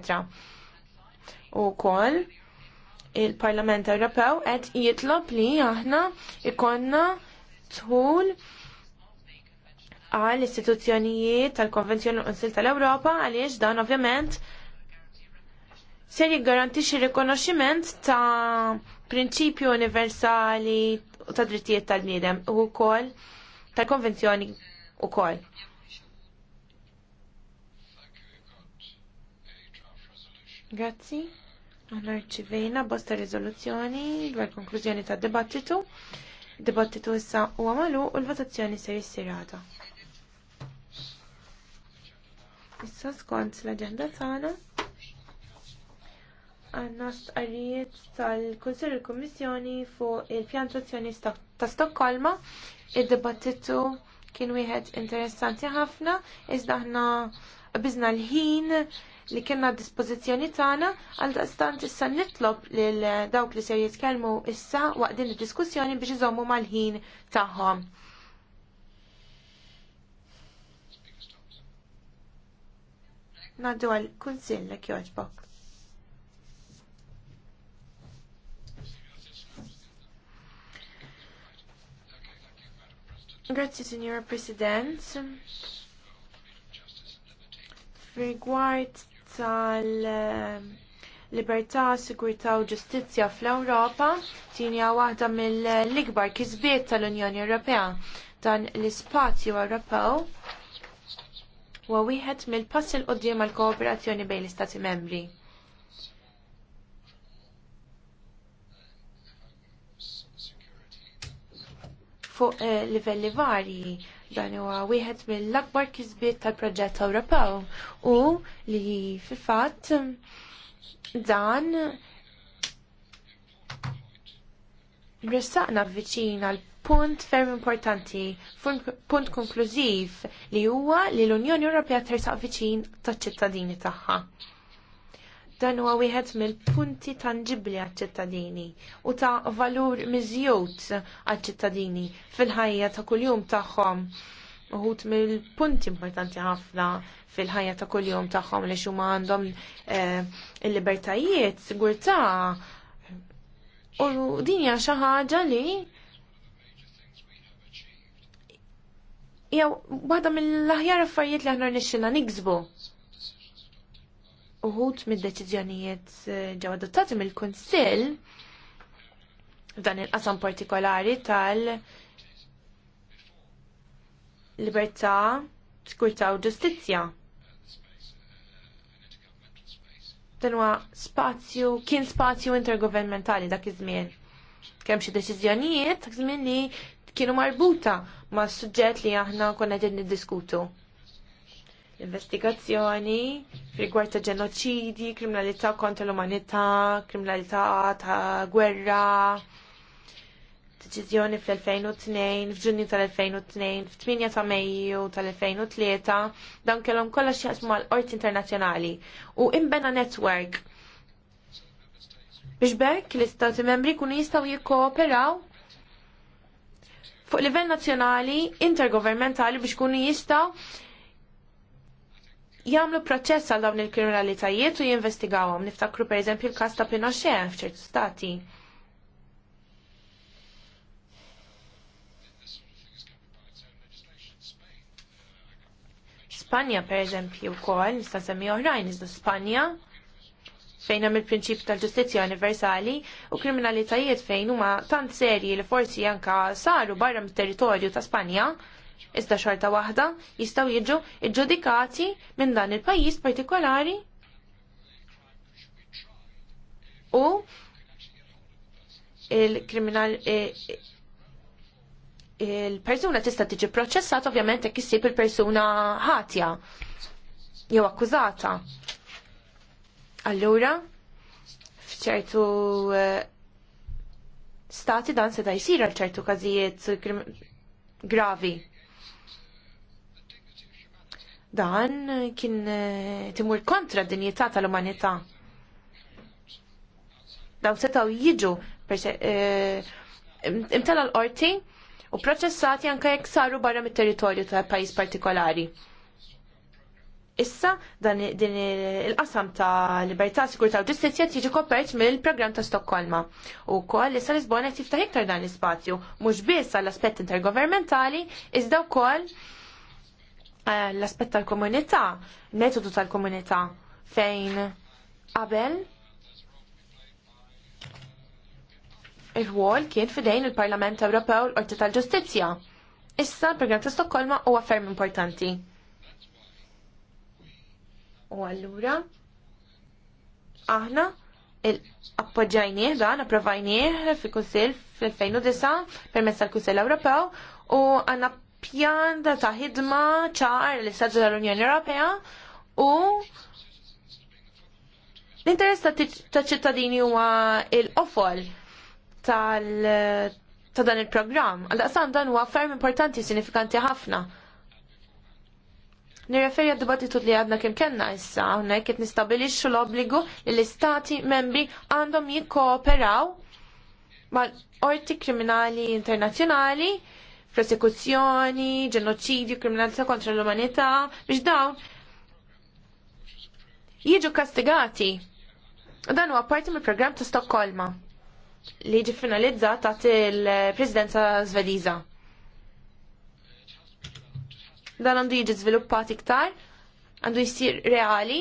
U kol, il-Parlament Ewropew qed jitlob li aħna ikonna tħul għal istituzzjonijiet tal-Konvenzjoni Kunsil tal-Ewropa għaliex dan ovvjament ser jiggarantixxi rikonoxximent ta' prinċipju universali ta' drittijiet tal-bniedem u kol tal-konvenzjoni kol. Grazzi. Għanna rċivejna bosta rizoluzzjoni dwar konklużjoni ta' dibattitu. Dibattitu issa u għamalu u l-votazzjoni ser jissirata. Issa skont l-agenda tagħna għanna stqarrijiet tal-Kunsill il-Kummissjoni fuq il-pjan tazzjoni ta' Stokkolma. Id-dibattitu kien wieħed interessanti ħafna, iżda aħna biżna l-ħin li kienna dispożizzjoni tagħna għal daqstant issa nitlob lil dawk li se jitkellmu issa waqt din id-diskussjoni biex iżommu mal-ħin tagħhom. Naddu għal kunsill li jogħġbok. Grazie, Signora President. Riguardo tal- libertà, sigurtà u ġustizzja fl-Ewropa tinja waħda mill-ikbar kisbiet tal-Unjoni Ewropea. Dan l-ispazju Ewropew huwa wieħed mill-pass il qudiem għal kooperazzjoni bejn l-Istati membri. Fuq eh, livelli varji Dan huwa wieħed mill-akbar kisbiet tal-proġett Ewropew u li fil-fatt dan ressaqna viċin għal punt ferm importanti, punt konklużiv li huwa li l-Unjoni Ewropea tersaq viċin taċ-ċittadini tagħha. Dan huwa wieħed mill-punti tangibbli għaċ-ċittadini u ta' valur miżjud għaċ-ċittadini fil-ħajja ta' kuljum tagħhom. Uħut mill-punti importanti ħafna fil-ħajja ta' kuljum tagħhom li xuma għandhom eh, il-libertajiet, sigurtà. U din hija xi ħaġa li jew waħda mill-aħjar affarijiet li aħna nixxilna niksbu uħut mid-deċiżjonijiet eh, ġew adottati mill-Kunsill dan il-qasam partikolari tal libertà, sikurtà u ġustizzja. Dan huwa spazju, kien spazju intergovernmentali dak iż-żmien. Kemm xi deċiżjonijiet dak iż-żmien li kienu marbuta ma' suġġett li aħna konna qegħdin niddiskutu investigazzjoni rigward ta' ġenoċidi, kriminalità kontra l-umanità, kriminalità ta' gwerra, deċiżjoni fl-2002, f'Ġunju tal-2002, f'8 ta' Mejju tal-2003, dan kellhom kollha x'jaqsmu mal-Qorti Internazzjonali u imbena network biex bekk l-istati membri kunu jistgħu jikkooperaw fuq livell nazzjonali intergovernmentali biex kunu jistgħu Jamlu proċess għal dawn il-kriminalitajiet u jinvestigawhom. Niftakru pereżempju l-każ ta' Pinochet f'ċertu stati. Spanja pereżempju wkoll nista' semmi oħrajn iżda Spanja fejn hemm il-prinċip tal-ġustizzja universali u kriminalitajiet fejn huma tant serji li forsi anka saru barra mit-territorju ta' Spanja iżda xorta waħda jistgħu jiġu iġġudikati minn dan il-pajjiż partikolari u il-kriminal e- e- il-persuna tista' tiġi proċessat ovvjament jekk issib il-persuna ħatja jew akkużata. Allura, f'ċertu e, stati dan se da jsir għal ċertu każijiet gravi. Dan kien eh, timur kontra d-dinjità tal-umanità. Daw setaw jiġu eh, imtela l-qorti u proċessati anke jekk saru barra mit-territorju ta' pajjiż partikolari. Issa dan din il-qasam ta' libertà, sigurtà u ġustizzja tiġi koperċ mill-programm ta' Stokkolma. U wkoll issa Lisbona qed jiftaħ iktar dan l-ispazju, mhux biss għall-aspett intergovernmentali, iżda wkoll Eh, l-aspett tal-komunità, metodu tal-komunità fejn qabel il-wol kien fidejn il-Parlament Ewropew l-Qorti tal-Ġustizzja. Issa l-programm ta' Stokkolma huwa ferm importanti. U allura aħna appoġġajnieh dan, approvajnieh fil-Kunsill fl-2009 permezz tal-Kunsill Ewropew u għanna pjan ta' ħidma ċar l-Istati tal-Unjoni Ewropea u L-interess ta' ċittadini huwa l qofol tal- ta' dan il-programm. Għal-daqsan dan huwa ferm importanti sinifikanti ħafna. Nirreferi għad dibattitut li għadna kim kena issa, għunna kiet nistabilixxu l-obbligu li l-istati membri għandhom jikkooperaw mal-orti kriminali internazjonali prosekuzzjoni, ġenoċidju, kriminalità kontra l-umanità, biex dawn jiġu kastigati. U dan huwa parti mill-programm ta' Stokkolma li ġi finalizzat taħt il-Presidenza Svediża. Dan għandu jiġi żviluppat iktar, għandu jisir reali.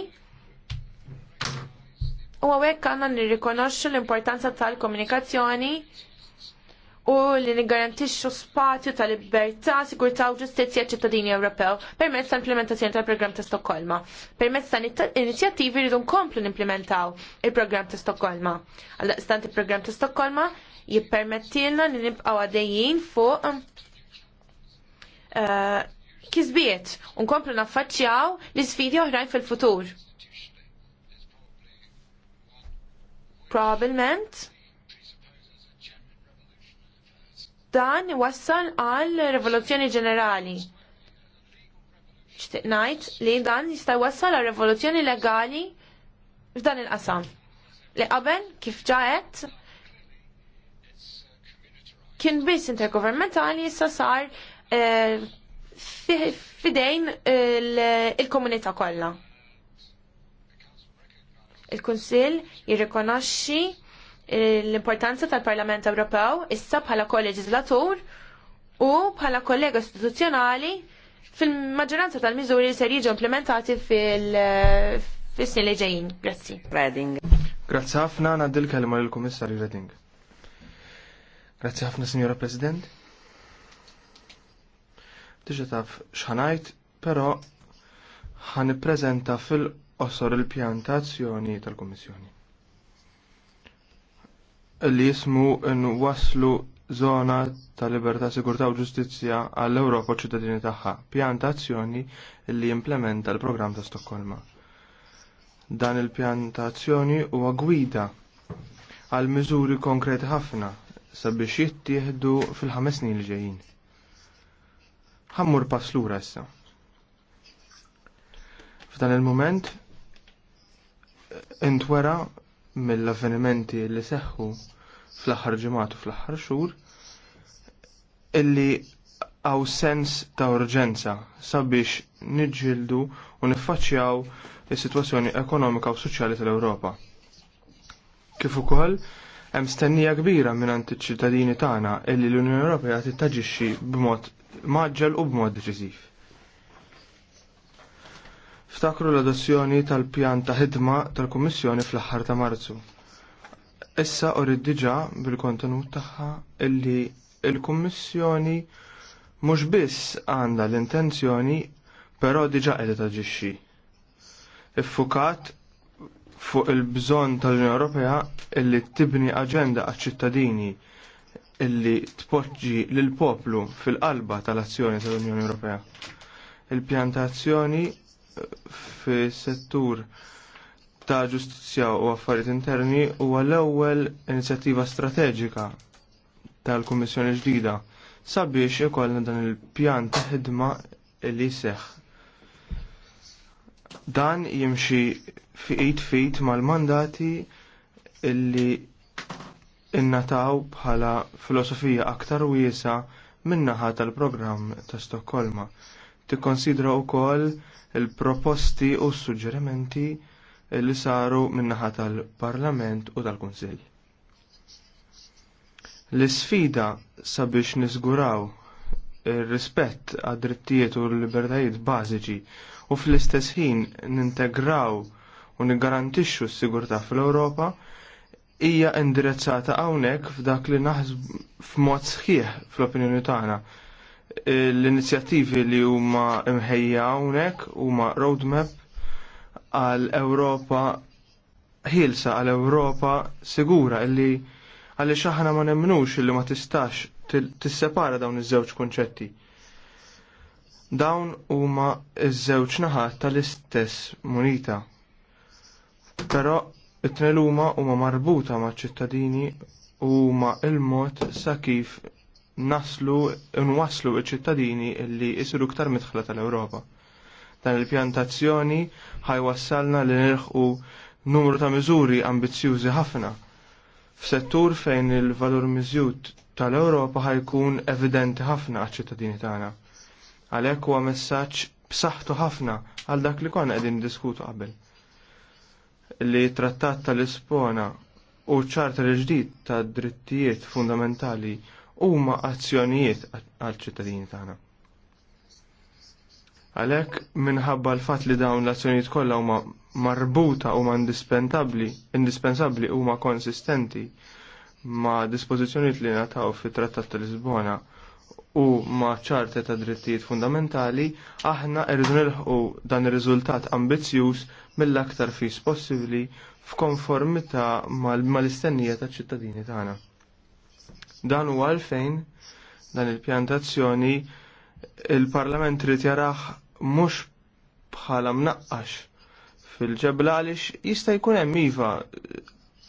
U għawek għanna nirrikonoxxu l-importanza tal-komunikazzjoni u li nigarantixxu spazju ta' libertà, sigurtà u ġustizzja ċittadini Ewropew permezz tal-implementazzjoni tal-programm ta' Stokkolma. Permezz ta' inizjattivi rridu nkomplu nimplementaw il-programm ta' Stokkolma. Għal-daqstant il-programm ta' Stokkolma jippermettilna li nibqgħu għadejjin fuq eh, kizbiet u nkomplu naffaċċjaw l isfidi oħrajn fil-futur. Probablement dan wassal għal rivoluzzjoni ġenerali. Xtiq ngħid li dan jista' wassal għal rivoluzzjoni legali f'dan il-qasam. Li qabel kif ġajet kien biss intergovernmentali jissa sar eh, fidejn il-komunità kollha. Il-Kunsill jirrikonoxxi l-importanza tal-Parlament Ewropew issa bħala kolleġislatur u bħala kollega istituzzjonali fil-maġġoranza tal-miżuri ser jiġu implementati fil-snin li ġejjin. Grazzi. Reding. Grazzi ħafna għandil kelma lill kummissarju Reding. Grazzi ħafna, Signora President. Diġa taf xanajt, però ħan prezenta fil-qosor il-pjantazzjoni tal kummissjoni li jismu n-waslu zona ta' libertà, sigurtà u ġustizzja għall-Ewropa ċittadini tagħha, pjan ta' azzjoni li jimplementa l-programm ta' Stokkolma. Dan il-pjan ta' azzjoni huwa gwida għal miżuri konkreti ħafna sabiex jittieħdu fil-ħames snin li ġejjin. Ħammur pass lura issa. F'dan il-moment intwera mill-avvenimenti li seħħu fl-aħħar ġimgħat u fl-aħħar xhur illi għaw sens ta' urġenza sabiex niġġieldu u niffaċċjaw is-sitwazzjoni ekonomika u soċjali tal-Ewropa. Kif ukoll hemm stennija kbira mingħand iċ-ċittadini tagħna illi l-Unjoni Ewropea tittaġixxi b'mod maġġel u b'mod deċiżiv. Ftakru l-adozzjoni tal-pjan ta' ħidma tal-Kummissjoni fl-aħħar ta' Marzu. Issa urrid diġà bil-kontenut tagħha illi l kummissjoni mhux biss għandha l-intenzjoni però diġà qiegħda taġixxi. Iffukat fuq il-bżonn tal-Unjoni Ewropea illi tibni aġenda għaċ-ċittadini illi tpoġġi lil poplu fil-qalba tal-azzjoni tal-Unjoni Ewropea. Il-pjantazzjoni fis settur ta' ġustizzja u affarijiet interni huwa l-ewwel inizjattiva strateġika tal-Kummissjoni ġdida sabiex ikollna dan il-pjan ta' ħidma li seħ. Dan jimxi fiqit fit mal-mandati illi innataw bħala filosofija aktar wiesa min-naħa tal-programm ta' Stokkolma. Tikkonsidra wkoll il-proposti u s-suġġerimenti li saru minnaħa tal-Parlament u tal-Kunsill. L-sfida sabiex nisguraw ir-rispett għad drittijiet u l-libertajiet bażiċi u fl-istess ħin nintegraw u niggarantixxu s-sigurtà fl-Ewropa hija indirizzata hawnhekk f'dak li naħsb f'mod sħiħ fl-opinjoni tagħna. L-inizjattivi li huma imħejja hawnhekk huma roadmap għal Ewropa ħilsa għal Ewropa sigura illi għalli xaħna ma nemnux illi ma tistax tissepara dawn iż-żewġ kunċetti. Dawn huma iż-żewġ naħat tal-istess munita. Però it-tnel huma huma marbuta maċ-ċittadini u huma il-mod sa kif naslu nwaslu iċ-ċittadini illi jisiru ktar mitħla tal-Ewropa. Dan il-pjantazzjoni ħajwassalna li nirħu numru ta' miżuri ambizzjużi ħafna. F'settur fejn il-valur miżjud tal-Ewropa ħajkun evidenti ħafna għal ċittadini tagħna. Għalhekk huwa messaġġ b'saħħtu ħafna għal dak li konna qegħdin diskutu qabel. Li trattat tal-Ispona u ċarta l-ġdid ta' drittijiet fundamentali huma azzjonijiet għal ċittadini tagħna. Għalek, minħabba l-fat li dawn l-azzjonijiet kollha huma marbuta huma indispensabbli, indispensabbli huma konsistenti ma' dispożizzjonijiet li nataw fit-Trattat ta' Lisbona u ma' ċarta ta' drittijiet fundamentali, aħna irridu nilħu dan ir-riżultat ambizzjuż mill-aktar fis possibbli f'konformità mal-istennija ta' ċittadini tagħna. Dan huwa għalfejn dan il-pjantazzjoni il-Parlament trid jaraħ mhux bħala mnaqqax fil-ġebla għaliex jista' jkun hemm iva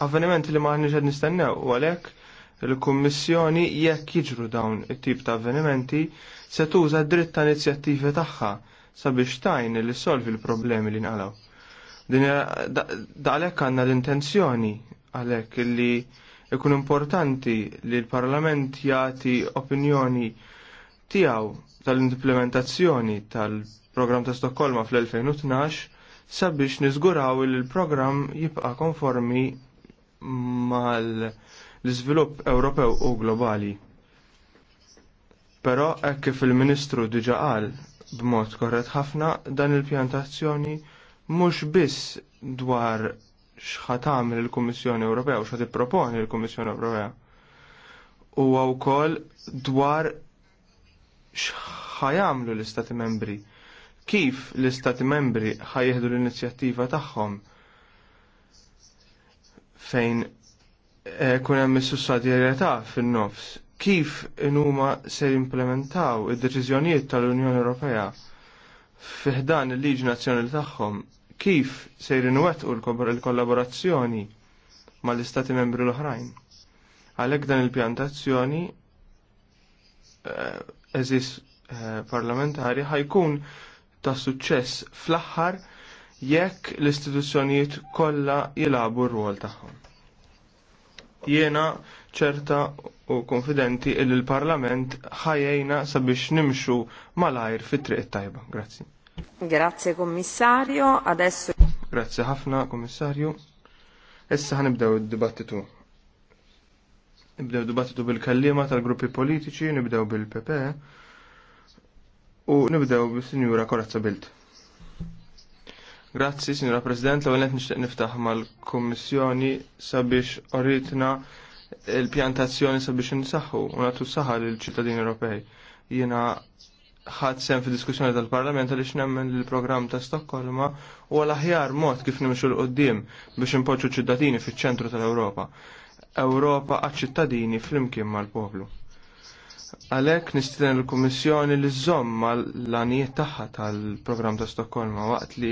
avveniment li maħniġ qed nistennew u għalhekk il-Kummissjoni jekk jiġru dawn it-tip ta' avvenimenti se tuża dritt ta' inizjattivi tagħha sabiex tajn li solvi l-problemi li nqalaw. Din għalhekk għandna l-intenzjoni għalhekk li jkun importanti li l-Parlament jagħti opinjoni tiegħu tal-implementazzjoni tal-programm ta' Stokkolma fl-2012 sabiex niżguraw li l-programm jibqa' konformi mal-iżvilupp Ewropew u globali. Però hekk kif il-Ministru diġa qal b'mod korret ħafna dan il-pjantazzjoni mhux biss dwar tagħmel il-Kummissjoni Ewropea u x'ħad proponi il-Kummissjoni Ewropea. Huwa wkoll dwar xħajamlu l-Istati membri, kif l-Istati membri ħajjeħdu l-inizjattiva tagħhom fejn eh, kun hemm is-sussidjarjetà fin-nofs, kif huma se jimplementaw id-deċiżjonijiet tal-Unjoni Ewropea fiħdan il-liġi nazzjonali tagħhom, kif se jrinwettqu l-kollaborazzjoni mal-istati membri l-oħrajn. Għalhekk dan il-pjantazzjoni eh, eżis eh, parlamentari ħajkun ta' suċċess fl-aħħar jekk l-istituzzjonijiet kollha jilabu r-rwol tagħhom. Jiena ċerta u konfidenti il l-Parlament ħajjejna sabiex nimxu malajr fit-triq tajba. Grazzi. Grazie Kommissarju, adesso. Grazie ħafna Kommissarju. Issa ħanibdew id-dibattitu. Nibdew dibattitu bil-kallima tal-gruppi politiċi, nibdew bil-PP u nibdew bil-Sinjura Korazza Bilt. Grazzi, Sinjura President, l għalet nishtiq niftaħ mal-Kommissjoni sabiex oritna il-pjantazzjoni sabiex nsaħħu u natu saħħa l-ċittadini Ewropej. Jiena ħad sem fi diskussjoni tal-Parlament għaliex nemmen l-programm ta' Stokkolma u għal aħjar mod kif nimxu l qoddim biex impoġġu ċittadini fiċ-ċentru tal-Ewropa. Ewropa għaċ-ċittadini flimkien mal-poplu. Għalhekk nistiden il-Kummissjoni li żomm mal-lanijiet tagħha tal-programm ta' Stokkolma waqt li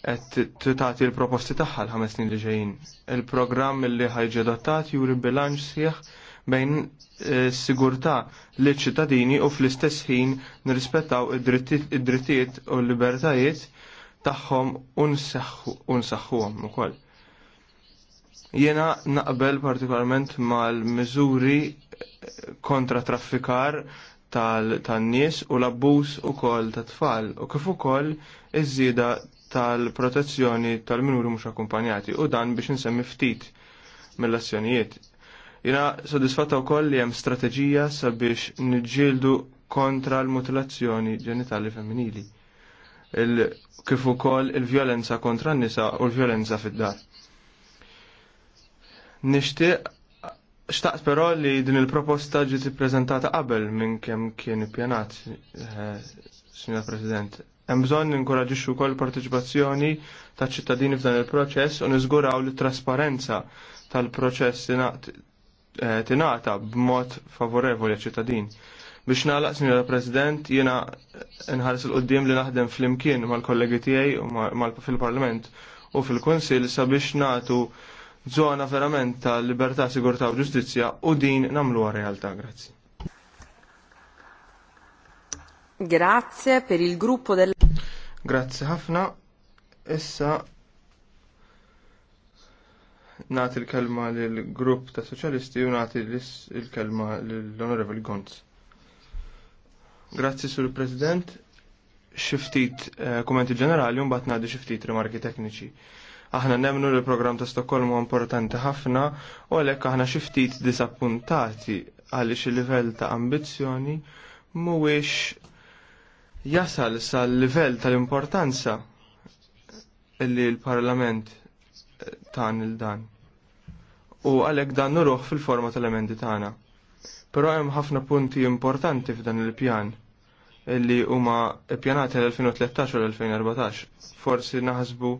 qed tagħti l-proposti tagħha l-ħames snin li ġejjin. Il-programm li ħajġi adottat juri bilanċ sieħ bejn eh, sigurtà li ċittadini u fl-istess ħin nirrispettaw id-drittijiet u l-libertajiet tagħhom u nsaħħuhom ukoll Jena naqbel partikolarment mal-mizuri kontra traffikar tal-nies u l-abbuż ukoll ta' tfal u kif ukoll iż-żieda tal-protezzjoni tal-minuri mhux akkumpanjati u dan biex insemmi ftit mill-azzjonijiet. Jena sodisfatta wkoll li hemm strateġija sabiex niġġieldu kontra l-mutilazzjoni ġenitali femminili. Il kif ukoll il-vjolenza kontra n-nisa u l-vjolenza fid-dar. Nixtieq xtaqt però li din il-proposta ġiet ippreżentata qabel minn kemm kien ippjanat, eh, Signor President. Hemm bżonn inkoraġixxu wkoll il-parteċipazzjoni taċ ċittadini f'dan il-proċess u niżguraw li trasparenza tal-proċess eh, tingħata b'mod favorevoli ċittadin. Biex nagħlaq, sinjora President, jiena nħares il qudiem li naħdem fl-imkien mal-kollegi tiegħi u fil-Parlament u fil-Kunsil sabiex nagħtu zona verament ta' libertà, sigurtà u ġustizzja u din namluha realtà. Grazzi. Grazie per il gruppo del Grazie ħafna. Issa nagħti l-kelma lill grupp ta' soċjalisti u nagħti l-kelma lill onorevol Gonz. Grazzi sur President. Xi ftit eh, kumenti ġenerali un mbagħad ngħaddi xi ftit rimarki tekniċi. Aħna nemnu li l-programm ta' Stokkolmu importanti ħafna u għalhekk aħna xi ftit disappuntati għaliex il-livell ta' ambizzjoni mhuwiex jasal sal-livell tal-importanza li l-Parlament tan il-dan. U għalhekk dan nuruħ fil-forma tal-emendi tagħna. Però hemm ħafna punti importanti f'dan il-pjan li huma pjanati l-2013 u l-2014. Forsi naħsbu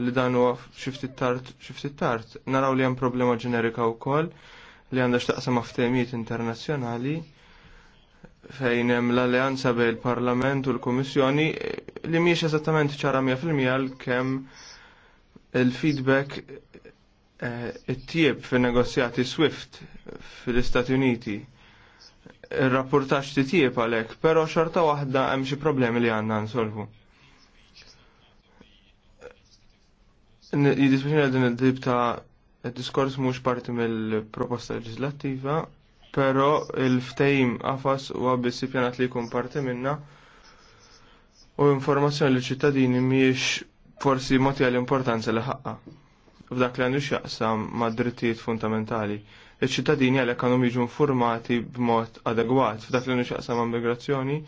li dan huwa xiftit tard xiftit tart Naraw li hemm problema ġenerika wkoll li għandha x'taqsam ftehmijiet internazzjonali fejn hemm l-alleanza bejn il-Parlament u l-Kummissjoni li mhijiex eżattament ċara 100% għal kemm il-feedback eh, it-tieb fin-negozjati Swift fil-Istati Uniti ir-rapportaġġ titjieb għalhekk, però xorta waħda hemm xi problemi li għandna nsolvu. Jidispeċina din id-dib ta' diskors mhux parti mill-proposta leġislattiva, però il-ftejm qafas huwa biss pjanat li jkun parti minna u informazzjoni li ċittadini mhijiex forsi moti għal importanza li ħaqqa. F'dak li għandu x'jaqsam ma' drittijiet fundamentali. Iċ-ċittadini għal għandhom jiġu informati b'mod adegwat f'dak li għandu xaqsam ma' migrazzjoni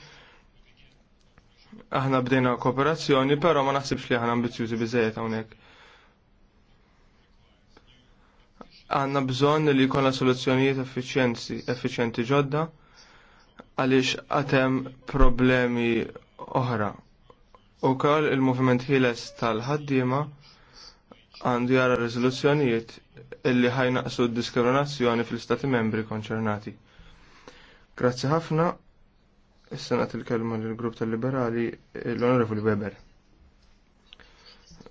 aħna bdejna kooperazzjoni, però ma naħsibx li aħna ambizjużi biżejjed hawnhekk. għanna bżon li jkollna soluzzjonijiet effiċjenti ġodda għaliex għatem problemi oħra. U koll il-movement ħiles tal-ħaddima għandu jara rezoluzzjonijiet illi ħajnaqsu diskriminazzjoni fil-stati membri konċernati. Grazzi ħafna, s-senat il-kelma l-grupp tal-liberali l-onorevoli Weber.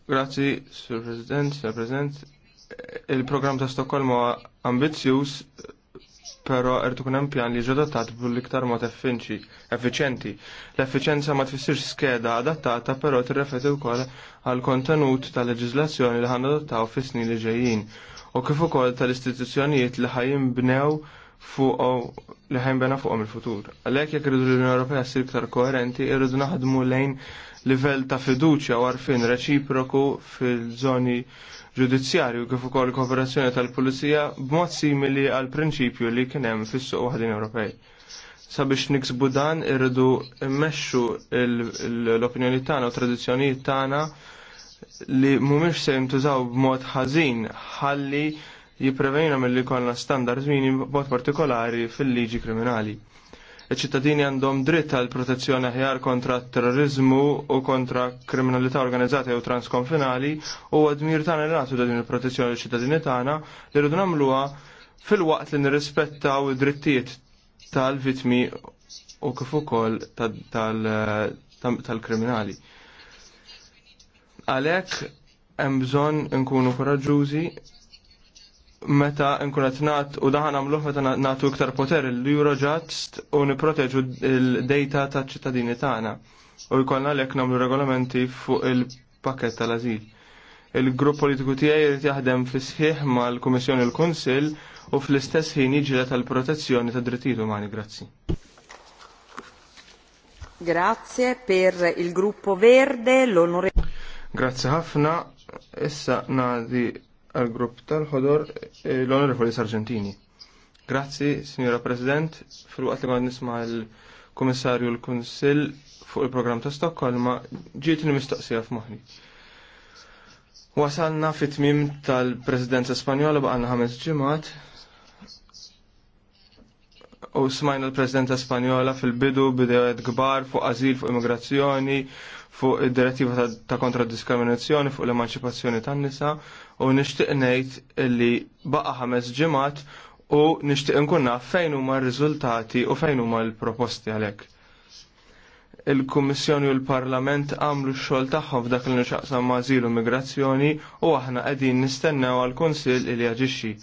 Grazzi, Sur President, Sur President, il-programm ta' Stokholmo ambizjus, pero er kunem hemm pjan li ġodattat bl-iktar mod effiċenti. L-effiċenza ma tfissirx skeda adattata, però tirrefeti wkoll għal kontenut ta' leġiżlazzjoni li ħan adottaw fis-snin li ġejjin u kif ukoll tal-istituzzjonijiet li ħajinbnew fuq li ħajnbena fuqhom il-futur. Għalhekk jekk rridu l-Unjoni Ewropea ssir iktar koerenti, irridu naħdmu lejn livell ta' fiduċja u għarfien reċiproku fil-żoni ġudizzjarju kif ukoll kooperazzjoni tal-Pulizija b'mod simili għal prinċipju li kien hemm fis-suq waħdin Ewropej. Sabiex niksbu dan irridu mmexxu l-opinjoni tagħna u tradizzjonijiet tagħna li mhumiex se jintużaw b'mod ħażin ħalli jipprevejna mill-li konna standard minimi b'mod partikolari fil-liġi kriminali iċ-ċittadini għandhom dritt għal protezzjoni aħjar kontra terrorizmu u kontra kriminalità organizzata u transkonfinali u għadmir tagħna li nagħtu din il-protezzjoni l-ċittadini tagħna li rridu nagħmluha fil-waqt li nirrispettaw id-drittijiet tal-vitmi u kif ukoll tal-kriminali. Għalhekk hemm bżonn nkunu koraġġużi meta nkunet nat u daħan għamluħ meta natu iktar poter l-Eurojust u niproteġu l-data ta' ċittadini tagħna u jkollna għalhekk nagħmlu regolamenti fuq il-pakket tal-azil. Il-grupp politiku tiegħi jrid jaħdem fis-sħiħ mal-Kummissjoni l-Kunsill u fl-istess ħin jiġila tal-protezzjoni ta' drittijiet umani. Grazzi. Grazie per il gruppo verde, l'onore. Grazie ħafna. Issa nadi għal grupp tal-ħodor eh, l-Onorevoli Sargentini. Grazzi, Signora President, fil-waqt li għad nisma l-Komissarju l-Konsil fuq il-program ta' Stokkolma, ġiet il-mistoqsija f'moħni. Wasalna fit-tmim tal-Presidenza Spanjola baqalna ħames ġimgħat u smajna l-Presidenza Spanjola fil-bidu bidewet gbar fuq azil, fuq immigrazzjoni, fuq id-direttiva ta' kontra diskriminazzjoni fuq l-emanċipazzjoni tan-nisa u nixtieq ngħid li baqa' ħames ġimgħat u nixtieq nkun naf fejn huma r-riżultati u fejn huma l-proposti għalhekk. Il-Kummissjoni u l-Parlament għamlu x-xogħol tagħhom f'dak li nixaqsam ma' migrazzjoni u aħna qegħdin nistennew għall-Kunsill li jaġixxi.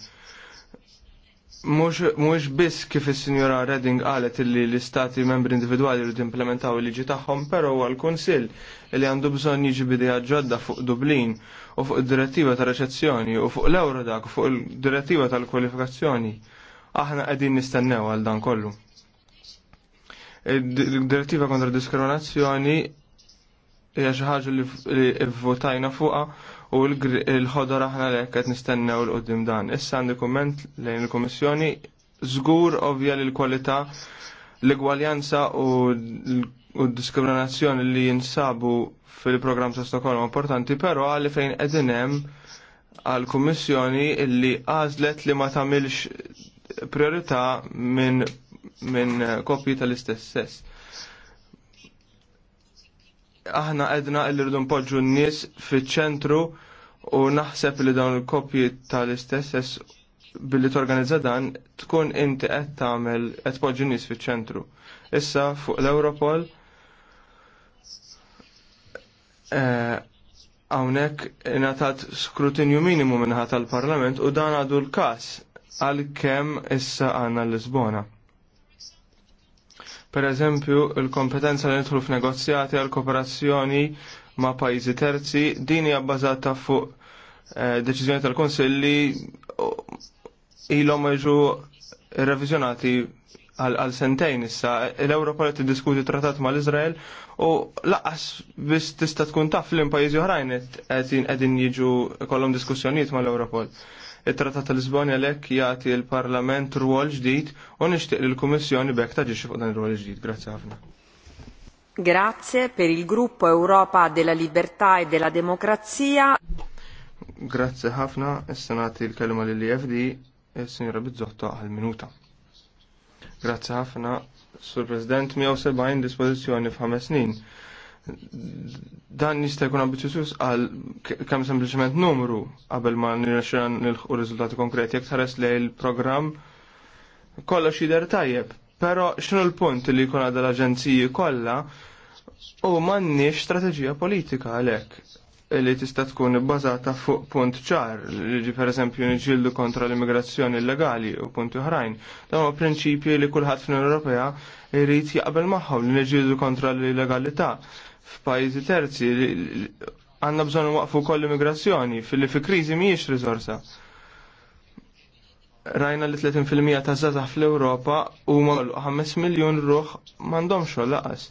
Mux biss kif il-Sinjora Redding għalet li l-istati membri individuali rridu implementaw il-liġi tagħhom, però għal konsil kunsill li għandu bżonn jiġi bidea ġodda fuq Dublin u fuq id-direttiva ta' reċezzjoni u fuq l-Eurodac u fuq il-direttiva tal-kwalifikazzjoni. Aħna qegħdin nistennew għal dan kollu. direttiva kontra diskriminazzjoni hija xi ħaġa li votajna fuqha u l-ħodor aħna li qed nistennew l qoddim dan. Issa għandi komment lejn il-Kummissjoni żgur ovvja li l-kwalità l-egwaljanza u l-diskriminazzjoni li jinsabu fil-programm ta' Stokholm importanti, però għalli fejn qegħdin hemm għall-Kummissjoni li għażlet li ma tagħmilx priorità minn min kopji tal-istess sess aħna għedna illi rridu npoġġu n-nies fiċ-ċentru u naħseb li dawn il-kopji tal-istess billi torganizza dan tkun inti qed tagħmel qed nies fiċ-ċentru. Issa fuq l-Europol eh, hawnhekk ingħatat skrutinju minimu minħat tal-Parlament u dan għadu l-każ għalkemm issa għandna l-Lisbona. Per eżempju, il-kompetenza li nidħlu f'negozjati għal kooperazzjoni ma' pajjiżi terzi din hija bbażata fuq eh, deċiżjoni tal-Kunsill li ilhom jiġu revizjonati għal sentejn issa. L-Ewropa li tiddiskuti trattat mal iżrael u laqas biss tista' tkun taf li pajjiżi oħrajn qegħdin jiġu kollhom diskussjonijiet mal ewropol it tratat tal-Lisbonja lek jagħti l-Parlament rwol ġdid u nixtieq lill l-Kummissjoni bekk taġixxi fuq dan ir-rwol ġdid. Grazzi ħafna. Grazie per il gruppo Europa della Libertà e della Democrazia. Grazie ħafna, is-senati l-kelma lill-EFD, is-Sinjora Bizzotto għal-minuta. Grazie ħafna, Sur President, 170 dispożizzjoni f'ħames snin dan jista' jkun ambizjuż għal kemm sempliċement numru qabel ma nirrexxan nilħu riżultati konkreti jekk tħares li l-programm kollox jidher tajjeb. Però x'inhu l-punt li jkun għadha l-aġenziji kollha u m'għandniex strateġija politika għalhekk li tista' tkun bbażata fuq punt ċar, li pereżempju niġildu kontra l-immigrazzjoni illegali u punti oħrajn. Dawn huma prinċipji li kulħadd fl-Ewropea jrid jaqbel magħhom li niġildu kontra l-illegalità f'pajjiżi terzi li għandna bżonn waqfu koll immigrazzjoni fil-li fi kriżi mhijiex riżorsa. Rajna li 30% ta' żgħażagħ fl-Ewropa huma 5 miljun ruħ m'għandhomx xogħol laqas.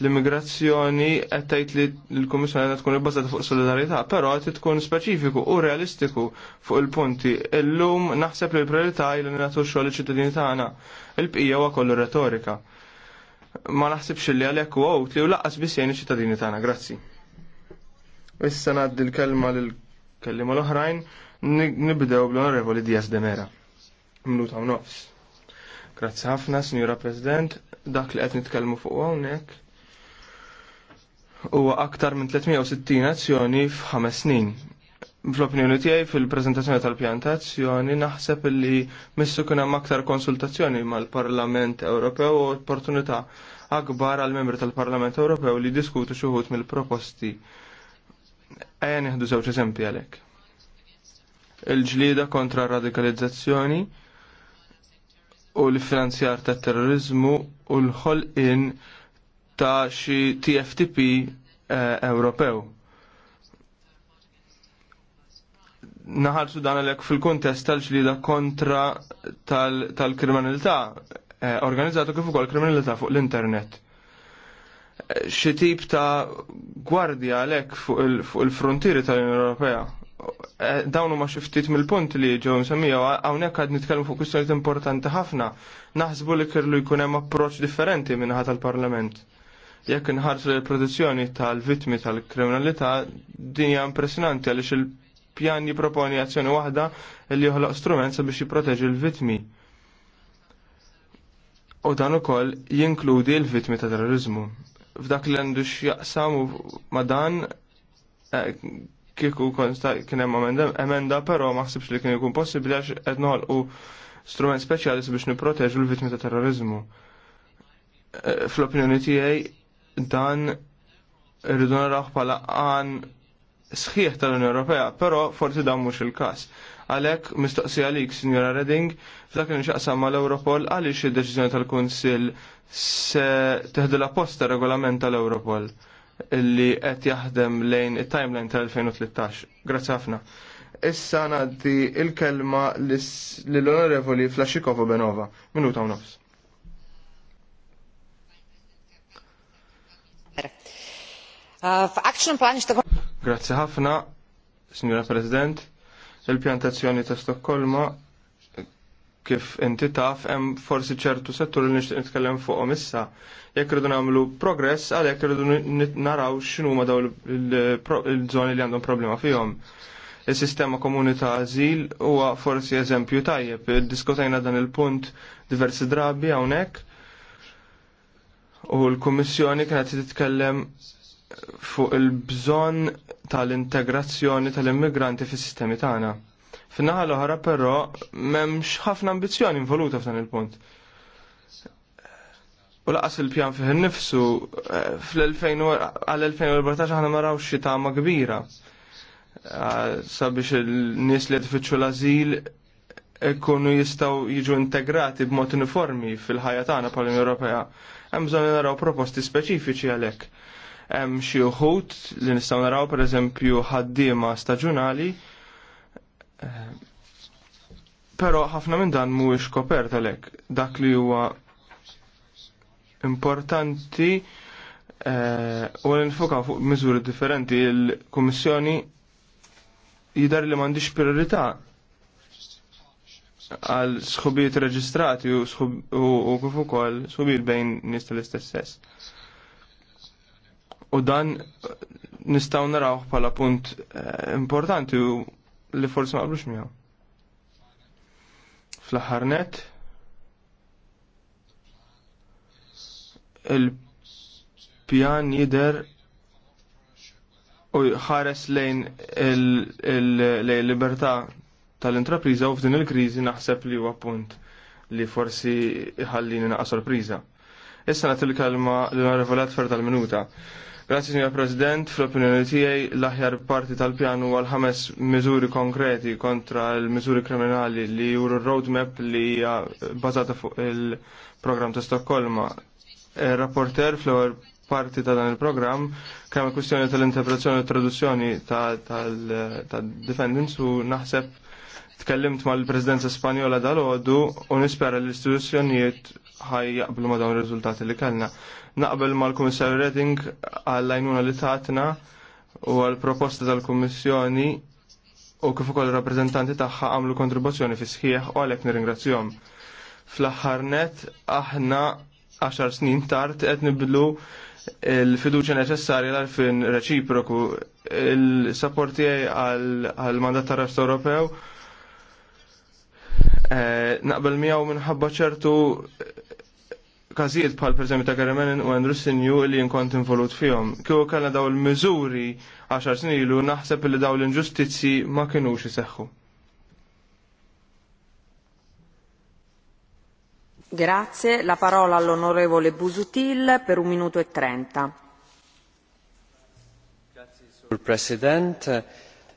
L-immigrazzjoni qed tgħid li l-Kummissjoni qed tkun ibbażata fuq solidarjetà però qed tkun speċifiku u realistiku fuq il-punti. Illum naħseb li l-priorità li nagħtu xogħol iċ-ċittadini tagħna. Il-bqija huwa kollu retorika ma naħsibx li għalhekk u għaw, li u laqqas biss jgħin iċ-ċittadini tagħna, grazzi. Issa ngħaddi l-kelma l-kelma l-oħrajn nibdew bl-Onorevoli Dias de Mera. Minuta u nofs. Grazzi ħafna, Sinjura President, dak li qed nitkellmu fuq hawnhekk huwa aktar minn 360 azzjoni f'ħames snin Fl-opinjoni tiegħi fil-preżentazzjoni tal-pjantazzjoni naħseb li missu kien hemm aktar konsultazzjoni mal-Parlament Ewropew u opportunità akbar għal membri tal-Parlament Ewropew li diskutu xi wħud mill-proposti. Ejja nieħdu żewġ eżempji għalhekk. Il-ġlieda kontra radikalizzazzjoni u l-finanzjar tat terrorizmu u l-ħolqin ta' xi TFTP eh, Ewropew naħar dan għalek fil-kontest tal-ġlida kontra tal-kriminalità eh, organizzata kif ukoll kriminalità fuq l-internet. Eh, xi tip ta' gwardja għalek fuq il-frontieri tal-Unjoni Ewropea. Eh, dawnu huma xi ftit mill-punt li ġew msemmija hawnhekk qed nitkellmu fuq kwistjonijiet importanti ħafna. Naħsbu li kirlu jkun hemm approċċ differenti minn ħadd tal-Parlament jekk nħarsu l protezzjoni tal-vitmi tal-kriminalità din hija impressjonanti għaliex il pjan jiproponi azzjoni waħda li joħloq strument sabiex jiproteġi l-vitmi. U dan ukoll jinkludi l-vitmi ta' terrorizmu. F'dak li għandu x'jaqsam ma' dan eh, kieku kien hemm emenda, però ma ħsibx li kien ikun possibbli għax qed noħolqu strument speċjali sabiex nipproteġu l-vitmi ta' terrorizmu. Eh, fl-opinjoni tiegħi dan irridu naraw bħala għan sħiħ tal-Unjoni Ewropea, però forsi dan mhux il-każ. Għalhekk mistoqsija għalik, Sinjora Reding, f'dak li nxaqsam mal-Europol għaliex id-deċiżjoni tal-Kunsill se teħdu la posta regolament tal-Europol li qed jaħdem lejn it-timeline tal-2013. Grazzi ħafna. Issa ngħaddi l kelma lill-Onorevoli Flashikova Benova. Minuta u nofs. В акционном плане, что... Grazzi ħafna, Signora President. Il-pjantazzjoni ta' Stokkolma kif inti taf hemm forsi ċertu settur li nixtieq nitkellem fuqhom issa. Jekk irridu nagħmlu progress għalhekk irridu naraw x'inhuma daw il-żoni li għandhom problema fihom. Is-sistema komuni ta' ażil huwa forsi eżempju tajjeb. Diskutajna dan il-punt diversi drabi hawnhekk. U l-Kummissjoni kienet titkellem fuq il-bżonn tal-integrazzjoni tal-immigranti fis-sistemi tagħna. Fin-naħa l-oħra però m'hemmx ħafna ambizzjoni involuta f'dan il-punt. U laqas il-pjan fih nifsu eh, fl-2014 ma maraw xi tama kbira ah, sabiex il-nies li tfittxu l-azil ikunu jistgħu jiġu integrati b'mod uniformi fil-ħajja tagħna pal-Unjoni Ewropea. Hemm bżonn naraw proposti speċifiċi għalhekk Hemm xi wħud li nistgħu naraw pereżempju ħaddiema staġunali eh, però ħafna minn dan mhuwiex kopert għalhekk. Dak li huwa importanti eh, u l nfoka fuq miżuri differenti il-Kummissjoni jidher li m'għandix priorità għal sħubijiet reġistrati u kif ukoll sħubijiet bejn nies tal-istess sess. U dan eh, nistaw naraw bħala punt eh, importanti u li forsi ma qablux miegħu. Fl-aħħar net il-pjan jider u ħares lejn il-libertà tal-intrapriża u f'din il-kriżi naħseb li huwa punt li forsi ħallini naqa' sorpriża. Issa nagħti l-kelma l-onorevoli Ferda tal-Minuta. Grazie, signor President. Fl-opinjoni tiegħi l-aħjar parti tal-pjan huwa l-ħames miżuri konkreti kontra l-miżuri kriminali li juru roadmap li hija bbażata fuq il-programm ta' Stokkolma. Il e, Rapporter fl-ewwel parti ta' dan il-programm kemm kwistjoni tal-interpretazzjoni u traduzzjoni tal-defendants u naħseb Tkellimt mal-Presidenza Spanjola dal ħodu u nispera l-istituzzjonijiet ħaj jaqblu ma dawn ir-riżultati li kellna. Naqbel mal-Kummissarju Reding għall-għajnuna li tatna u għall-proposta tal-Kummissjoni u kif ukoll il-rappresentanti tagħha għamlu kontribuzzjoni fi sħiħ u għalhekk nirringrazzjahom. Fl-aħħar net aħna 10 snin tard qed nibdlu il-fiduċa neċessarja l-arfin reċiproku il-sapporti għal-mandat tar rest Ewropew Eh, naqbel miegħu minħabba ċertu eh, każijiet bħal perżemmi ta' Garamenin u Andrew Sinju li nkont involut fihom. Kieku kellna daw il-miżuri għaxar snilu naħseb li daw l-inġustizzi ma kinux iseħħu. Grazie, la parola all'onorevole Busutil per un minuto e trenta. Grazie, Presidente.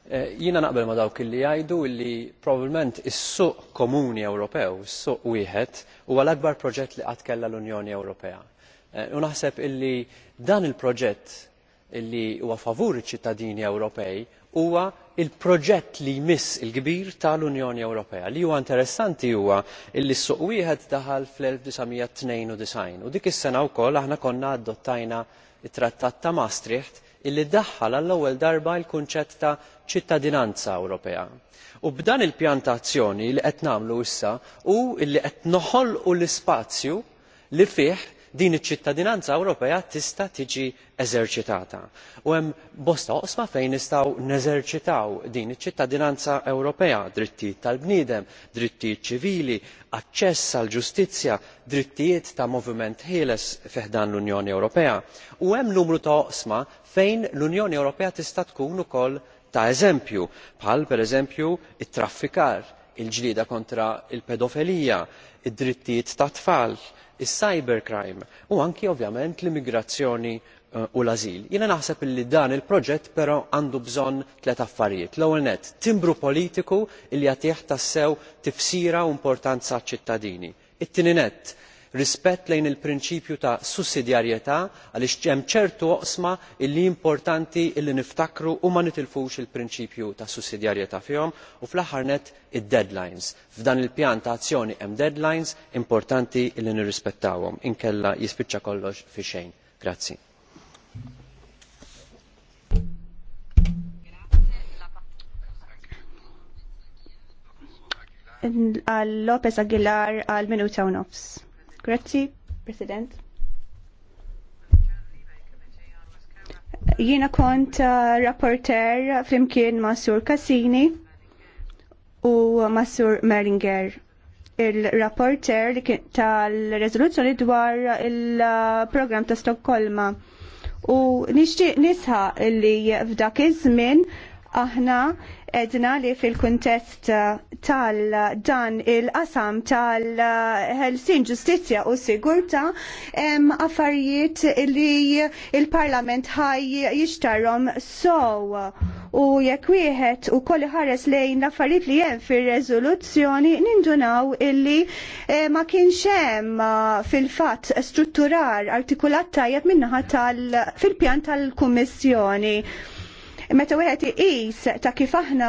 Eh, jiena naqbel ma' dawk illi jgħidu li probabbilment is-suq komuni Ewropew, is-suq wieħed, huwa l-akbar proġett li qatt kellha l-Unjoni Ewropea. Eh, u naħseb illi dan il-proġett illi huwa favur iċ-ċittadini Ewropej huwa il proġett li jmiss il kbir tal unjoni ewropea li huwa interessanti huwa li s suq wieħed daħal fl-1992 u dik is-sena wkoll aħna konna adottajna it-trattat ta' maastricht illi ddaħħal għall-ewwel darba l-kunċett ta' ċittadinanza Ewropea. U b'dan il-pjan ta' azzjoni li qed nagħmlu issa hu li qed noħolqu l-ispazju li fih din iċ-ċittadinanza Ewropea tista' tiġi eżerċitata. U hemm bosta oqsma fejn nistgħu neżerċitaw din iċ-ċittadinanza Ewropea drittijiet tal-bniedem, drittijiet ċivili, aċċess għall ġustizzja, drittijiet ta' moviment ħieles fih l-Unjoni Ewropea. U hemm numru ta' oqsma fejn l-Unjoni Ewropea tista' tkun ukoll ta' eżempju bħal pereżempju t traffikar il ġlieda kontra l pedofilija id drittijiet tat tfal is-cybercrime u anki ovvjament l-immigrazzjoni eh, u l-ażil. Jiena naħseb illi dan il-proġett però għandu bżonn tliet affarijiet. L-ewwel nett timbru politiku li jagħtih tassew tifsira u importanza ċittadini It-tieni nett rispett lejn il prinċipju ta' sussidjarjetà għaliex hemm ċertu oqsma li importanti li niftakru u ma nitilfux il prinċipju ta' sussidjarjetà fihom u fl aħħar nett id deadlines f'dan il pjan ta' azzjoni hemm deadlines importanti li nirrispettawhom inkella jispiċċa kollox fi xejn. grazzi. Lopez Aguilar minuta u nofs. Grazzi, President. Jiena kont uh, rapporter flimkien ma' Sur Cassini u ma' Sur Meringer il-rapporter tal-rezoluzzjoni dwar il-program ta' Stokkolma. U nixtieq nisħa li f'dak iż-żmien aħna edna li fil-kuntest uh, tal-dan il-qasam tal ħelsin ġustizja u sigurta affarijiet li il-Parlament ħaj jixtarhom sow u jekk wieħed u kolli ħares lejn affarijiet li hemm fir-reżoluzzjoni nindunaw illi eh, ma kienx hemm uh, fil-fatt strutturar artikulat tajjeb minnaħa tal fil-pjan tal-Kummissjoni. Meta wieħed iqis ta' kif aħna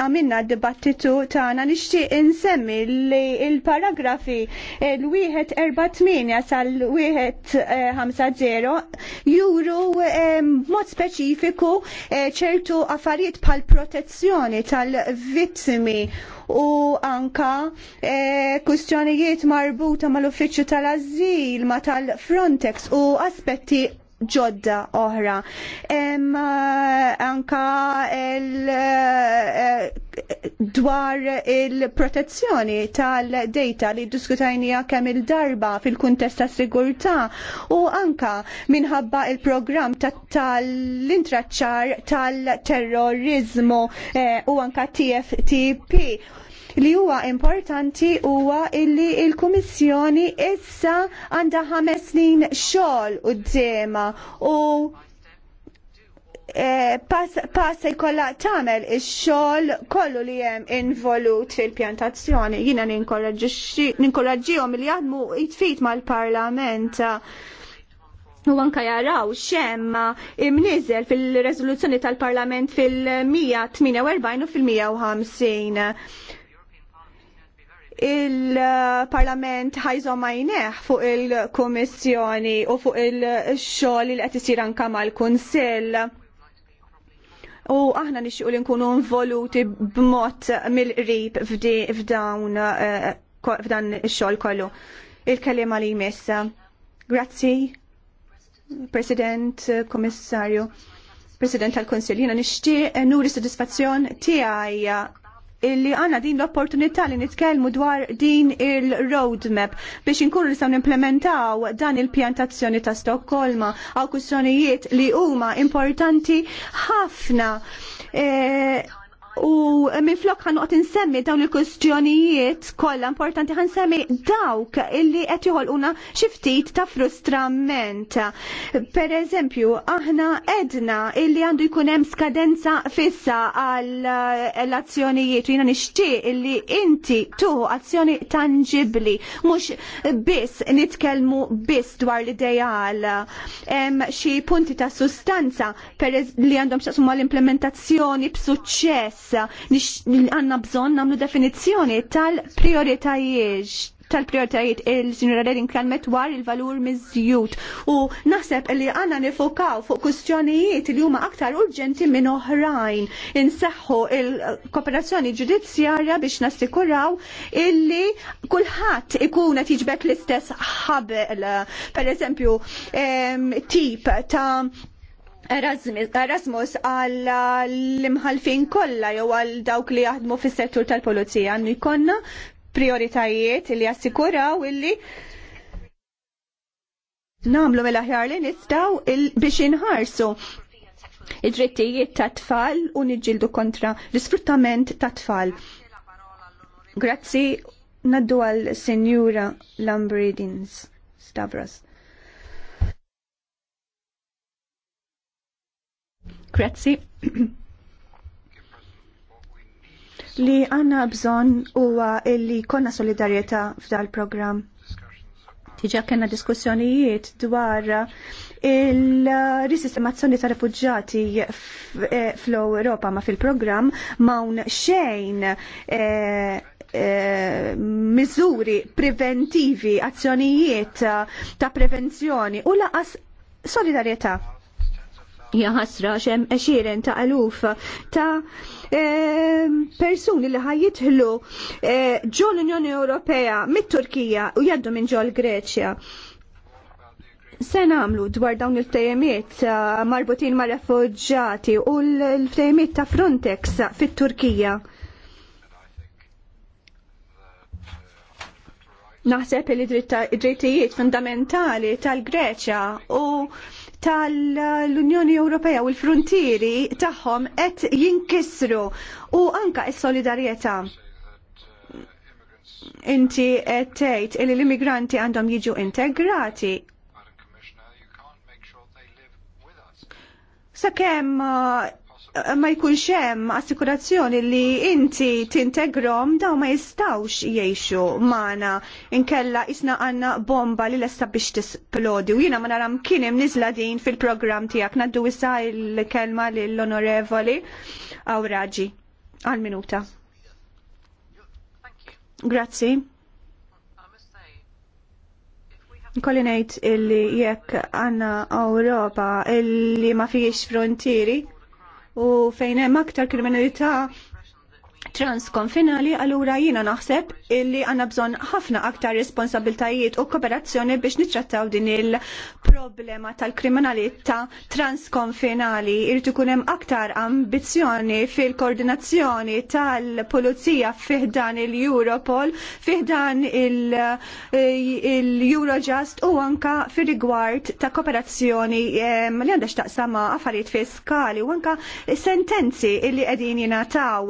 għamilna d-dibattitu tagħna nixtieq insemmi li l-paragrafi eh, l-wieħed erba' tminja sal-wieħed eh, ħamsa zero juru eh, mod speċifiku ċertu affarijiet bħal protezzjoni tal-vittmi u anka kustjonijiet marbuta mal-uffiċċju tal-azil ma tal-Frontex u aspetti ġodda oħra. Eh, anka il eh, dwar il-protezzjoni tal-data li diskutajnija kemm il-darba fil-kuntest ta' sigurtà u anka minħabba il-programm tal-intraċċar tal-terrorizmu eh, u anka TFTP Li huwa importanti huwa illi il-Kummissjoni issa għandha ħames snin xogħol qudiema u E, pass jkollha tagħmel ix-xogħol kollu li hemm involut fil-pjantazzjoni. Jiena ninkoraġġihom li jaħdmu jitfit mal-Parlament u anka jaraw xemm imniżel fil reżoluzzjoni tal-Parlament fil-148 u fil-150 il-Parlament ħajżom għajneħ fuq il-Komissjoni u fuq il xol li qed isir anka mal-Kunsill. U aħna nixtiequ li nkunu involuti b'mod mill-qrib f'dawn eh, f'dan ix-xogħol kollu. Il-kelima li jmissa. Grazzi, President, Komissarju. President tal-Konsil, jina nixtieq nuri soddisfazzjon tiegħi illi għanna din l-opportunità li nitkellmu dwar din il-roadmap biex inkunu nistgħu nimplementaw dan il-pjantazzjoni ta' Stokkolma għaw kussjonijiet li huma importanti ħafna. E U minn flok uqt insemmi dawn il-kustjonijiet kollha importanti ħansemmi dawk illi qed joħolquna xi ftit ta' frustrament. Per eżempju, aħna edna illi għandu jkun hemm skadenza fissa għal eh, azzjonijiet u jiena nixtieq illi inti tuħu azzjoni tangibli mhux biss nitkellmu biss dwar l-ideal. Hemm xi punti ta' sustanza li għandhom x'taqsmu l-implementazzjoni b'suċċess issa għanna bżon namlu definizjoni tal prioritajiex tal-prioritajiet il-Sinjora Redin kalmet war il-valur mizzjut u naħseb li għanna nifokaw fuq kustjonijiet li huma aktar urġenti minn oħrajn. Insaħħu il-kooperazzjoni ġudizzjarja biex nassikuraw illi kulħadd ikuna tiġbek l-istess ħabel, per eżempju, tip ta' Erasmus għal l-imħalfin kollha jew għal dawk li jaħdmu fis-settur tal-pulizija għandu jkollna prioritajiet li jassikuraw illi namlu mill-aħjar li nistaw biex inħarsu id-drittijiet ta' tfal u nġildu kontra l sfruttament ta' tfal. Grazzi naddu għal Senjura Lambridins Stavros. Grazzi. li għanna bżon huwa illi konna solidarieta f'dal program. Tiġa kena diskussjonijiet dwar il-risistemazzjoni ta' refugġati fl-Europa ma fil-program mawn xejn eh, eh, miżuri preventivi, azzjonijiet ta' prevenzjoni u laqas solidarieta' jaħasra xem eċiren ta' aluf ta' e, persuni li ħajjitħlu e, ġo l-Unjoni Ewropea mit-Turkija u jaddu minn ġo l-Greċja. Se namlu dwar dawn il-ftejemiet e, marbutin ma' refugġati u l-ftejemiet ta' Frontex fit-Turkija. Naħseb li drittijiet fundamentali tal-Greċja u tal-Unjoni Ewropea u l-frontieri tagħhom qed jinkisru u anka s-solidarjetà. Inti qed tgħid li l-immigranti għandhom jiġu integrati sakemm ma jkunx hemm assikurazzjoni li inti tintegrom daw ma jistawx jgħixu mana inkella isna għandna bomba li lesta biex tisplodi u jiena ma naram kien hemm niżla din fil-programm tiegħek naddu issa il kelma lill-onorevoli Awraġi għal minuta. Grazzi. Kolli ngħid illi jekk għandna Ewropa illi ma fiex frontieri u fejn hemm aktar kriminalità transkonfinali, allura jina naħseb illi għanna bżon ħafna aktar responsabiltajiet u kooperazzjoni biex nitrattaw din il-problema tal-kriminalità transkonfinali. Irtu ikun hemm aktar ambizzjoni fil-koordinazzjoni tal-pulizija fiħdan il-Europol, fiħdan il-Eurojust u anka fil rigward ta' kooperazzjoni li ta' x'taqsama affarijiet fiskali u anka sentenzi illi qegħdin jingħataw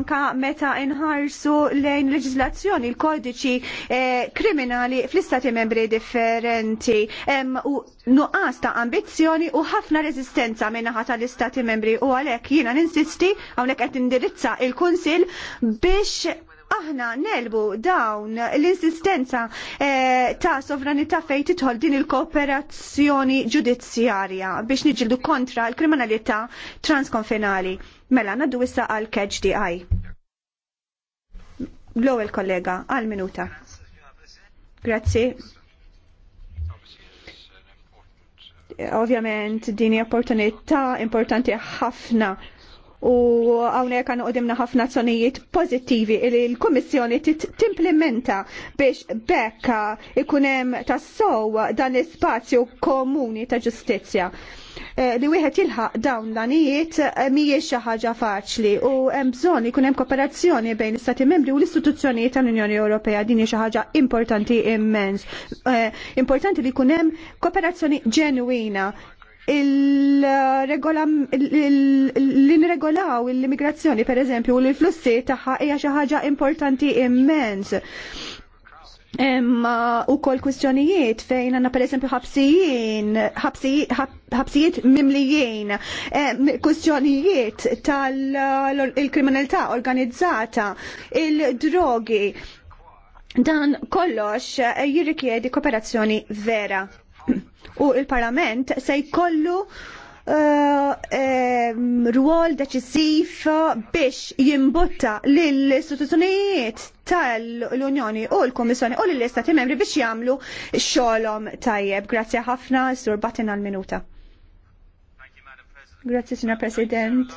anka meta inħarsu lejn leġislazzjoni l-kodiċi eh, kriminali fl-istati membri differenti. u nuqqas ta' ambizzjoni u ħafna rezistenza minnaħa tal-istati membri u għalhekk jiena ninsisti hawnhekk qed indirizza il-Kunsill biex aħna nelbu dawn l-insistenza eh, ta' sovranità fejn titħol din il-kooperazzjoni ġudizzjarja biex niġildu kontra l-kriminalità transkonfinali. Mela, naddu issa għal catch di għaj. L-ewel kollega, għal minuta. Grazzi. Ovvjament, dini opportunità importanti ħafna u għawnek għan uqdimna ħafna zonijiet pozittivi li l-Komissjoni t-implementa biex bekka ikunem tassow dan l-spazju komuni ta' ġustizja. Eh, li wieħed jilħaq dawn l-anijiet eh, mhijiex xi ħaġa faċli u hemm bżonn ikun hemm kooperazzjoni bejn l-Istati Membri u l-istituzzjonijiet tal-Unjoni Ewropea din xi ħaġa importanti immens. Eh, importanti li jkun hemm kooperazzjoni ġenwina l-inregolaw l-immigrazzjoni per eżempju u l-flussi tagħha hija xi ħaġa importanti immens Imma u kol kwistjonijiet fejn għanna per esempio ħabsijin, ħabsijiet mimlijin, kwistjonijiet tal-kriminalità organizzata, il-drogi, dan kollox eh, jirrikjedi kooperazzjoni vera. U il-Parlament se jkollu Eh, rwol deċisif biex jimbutta l-istituzzjonijiet tal-Unjoni u l-Komissjoni u l-Istati membri biex jagħmlu xolom tajjeb. Grazie ħafna, Sur Batin għal-minuta. Grazzi, Signor President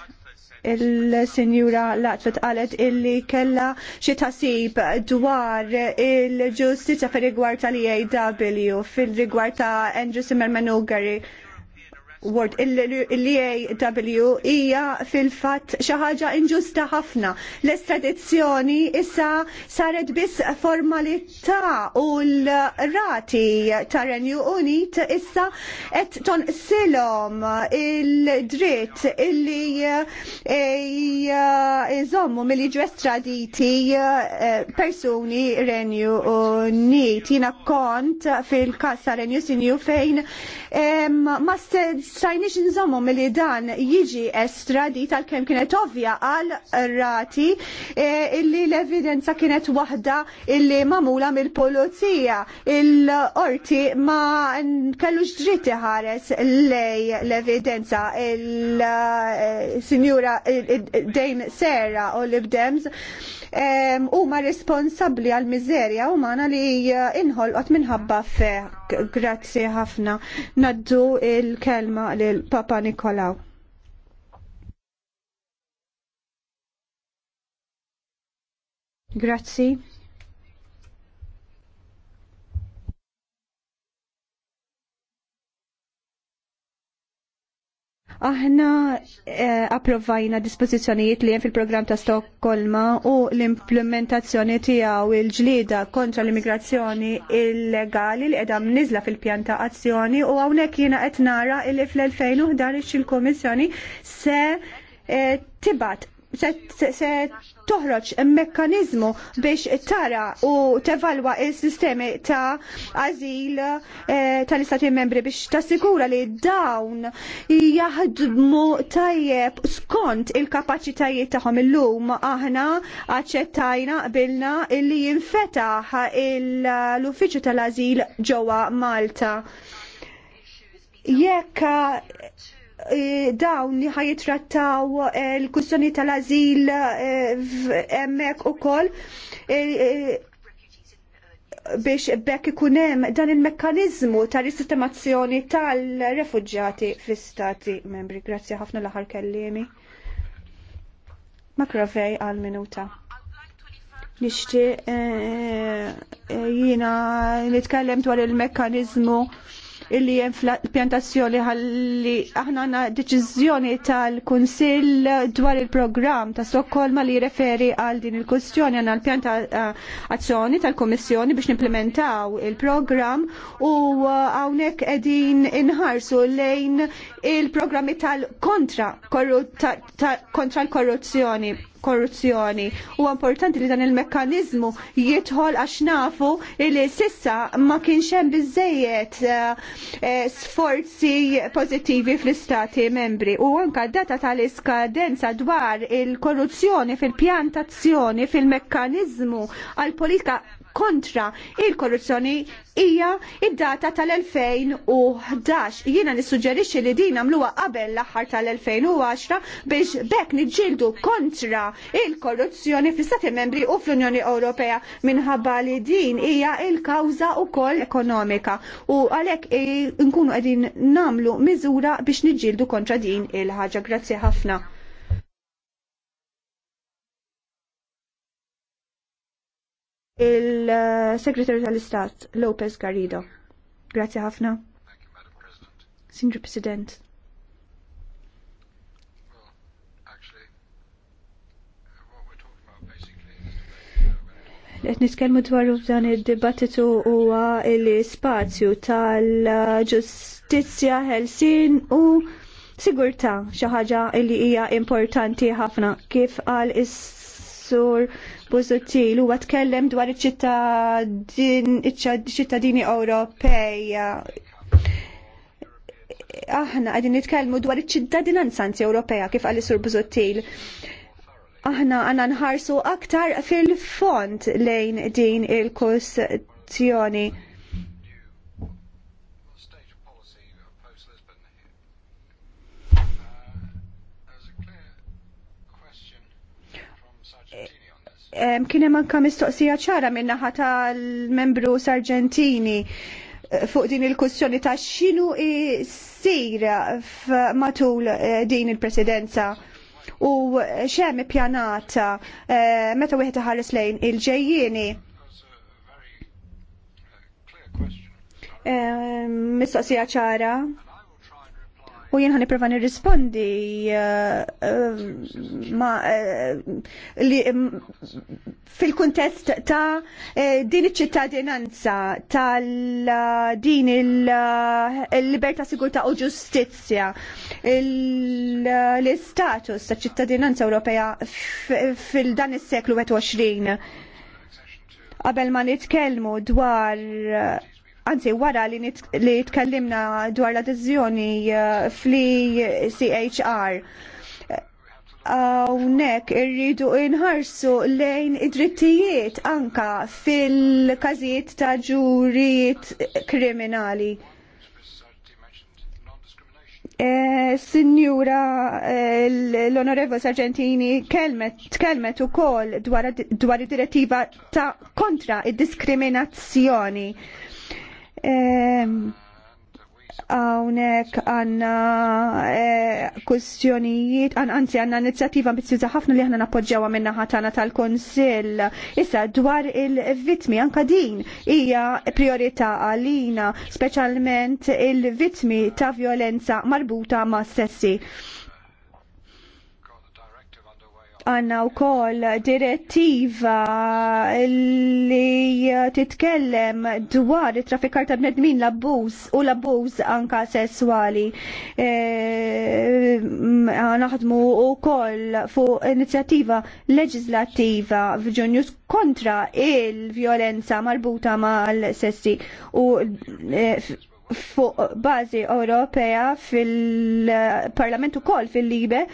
il-senjura Latfet għalet illi kella xi tasib dwar il-ġustizja fir rigward tal-EAW fil-rigward ta' Andrew Zimmerman u Gary Word l-EAW hija fil-fatt xi ħaġa inġusta ħafna. L-estradizzjoni issa saret biss formalità u l-rati ta' Renju Unit issa qed silom il-dritt illi eh, eh, iżommu milli ġu estraditi eh, persuni Renju Unit. Jina kont fil-kassa Renju Sinju fejn ma Sajniex nżommu mill-li dan jiġi di tal-kem kienet ovvja għal rati e, illi l-evidenza kienet wahda illi mamula mill-polizija il-orti ma kellux dritti ħares lej l-evidenza il-sinjura e, Dame Sarah Sera Olive Dems huma responsabbli għal miżerja umana li inħolqot minħabba fek. Grazzi ħafna. Naddu il-kelma lil Papa Nikolaw. Grazzi. Aħna eh, approvajna dispożizzjonijiet li hemm fil program ta' Stokkolma u l-implementazzjoni tiegħu il-ġlida kontra l-immigrazzjoni illegali li qiegħda mniżla fil-pjan ta' azzjoni u hawnhekk jiena qed nara li fl-2011 il-Kummissjoni se eh, tibat se toħroġ mekkanizmu biex tara u tevalwa il-sistemi ta' azil eh, tal-istati membri biex tassigura li dawn jaħdmu tajjeb skont il-kapacitajiet tagħhom illum aħna aċċettajna bilna illi jinfetaħ l-uffiċċju tal-azil ġewwa Malta. Jekk Eh, dawn li ħajitrattaw eh, l-kustjoni tal-azil eh, emmek u koll biex bekk ikunem dan il-mekkanizmu ta' sistemazzjoni tal-refugġati fl-istati membri. Grazzi ħafna l-aħar kellimi. Makrovej għal-minuta. Nishti jina nitkellem dwar il-mekkanizmu illi hemm pjantazzjoni ħalli aħna għandna deċiżjoni tal-Kunsill dwar il-programm ta' Stokkolma li jirreferi għal din il-kwestjoni għandna l-pjanta azzjoni tal-Kummissjoni biex nimplementaw il-programm u uh, hawnhekk qegħdin inħarsu lejn il-programmi tal-kontra kontra l-korruzzjoni korruzzjoni. U importanti li dan il-mekkanizmu jidħol għax nafu li sissa ma kienx hemm biżejjed eh, eh, sforzi pozittivi fl-istati membri. U anka data tal-iskadenza dwar il-korruzzjoni fil-pjantazzjoni fil-mekkanizmu għal politika kontra il-korruzzjoni hija id-data tal-2011. Jiena nissuġġerixxi li din għamluha qabel l-aħħar tal-2010 biex bekk niġġieldu kontra il-korruzzjoni fl-Istati Membri u fl-Unjoni Ewropea minħabba li din hija il-kawża wkoll ekonomika u għalhekk eh, nkunu qegħdin nagħmlu miżura biex niġġieldu kontra din il-ħaġa. Grazzi ħafna. il-Segretarju tal-Istat Lopez Garrido. Grazie ħafna. Sinġu President. Qed nitkellmu dwar dan id-dibattitu huwa l-spazju tal-ġustizzja, ħelsien u sigurta xi ħaġa li hija importanti ħafna kif qal is-sur Busuttil huwa tkellem dwar iċ-ċittadini Ewropej. Aħna qegħdin nitkellmu dwar iċ-ċittadinanza anzi kif qal sur Busuttil. Aħna għandna nħarsu aktar fil-font lejn din il-kustjoni Kien hemm anke mistoqsija ċara min ħata l membru Sargentini eh, fuq din il-kussjoni ta' x'inhu jsir matul eh, din il-presidenza u xemm ippjanata eh, meta wieħed iħares lejn il-ġejjieni. Mistoqsija ċara u jien ħani prova nirrispondi eh, eh, ma eh, li mm, fil-kuntest ta' din iċ-ċittadinanza tal-din il-libertà sigurtà u ġustizzja l-istatus ta' ċittadinanza Ewropea fil-dan is-seklu 20 qabel ma nitkellmu dwar anzi wara li, li tkellimna dwar l-adeżjoni uh, fli CHR. Hawnhekk irridu inħarsu lejn id-drittijiet anka fil-każijiet ta' ġurijiet kriminali. E, Signora e, l onorevo Sargentini kelmet, kelmet u kol dwar, dwar direttiva ta' kontra id-diskriminazzjoni. Għawnek għanna eh, kustjonijiet, għanzi għanna inizjativa ambizjuża ħafna li ħana napoġġawa minna ħatana tal-Konsil. Issa dwar il-vitmi, anka din hija priorita għalina, specialment il-vitmi ta' violenza marbuta ma' sessi għanna u koll direttiva li titkellem dwar traffikar ta' bnedmin l-abbuż u l-abbuż anka sessuali. E, naħdmu u koll fuq inizjattiva leġislativa f'ġunju kontra il-violenza marbuta mal-sessi u e, fuq bażi Ewropea fil-Parlament ukoll fil-Libe,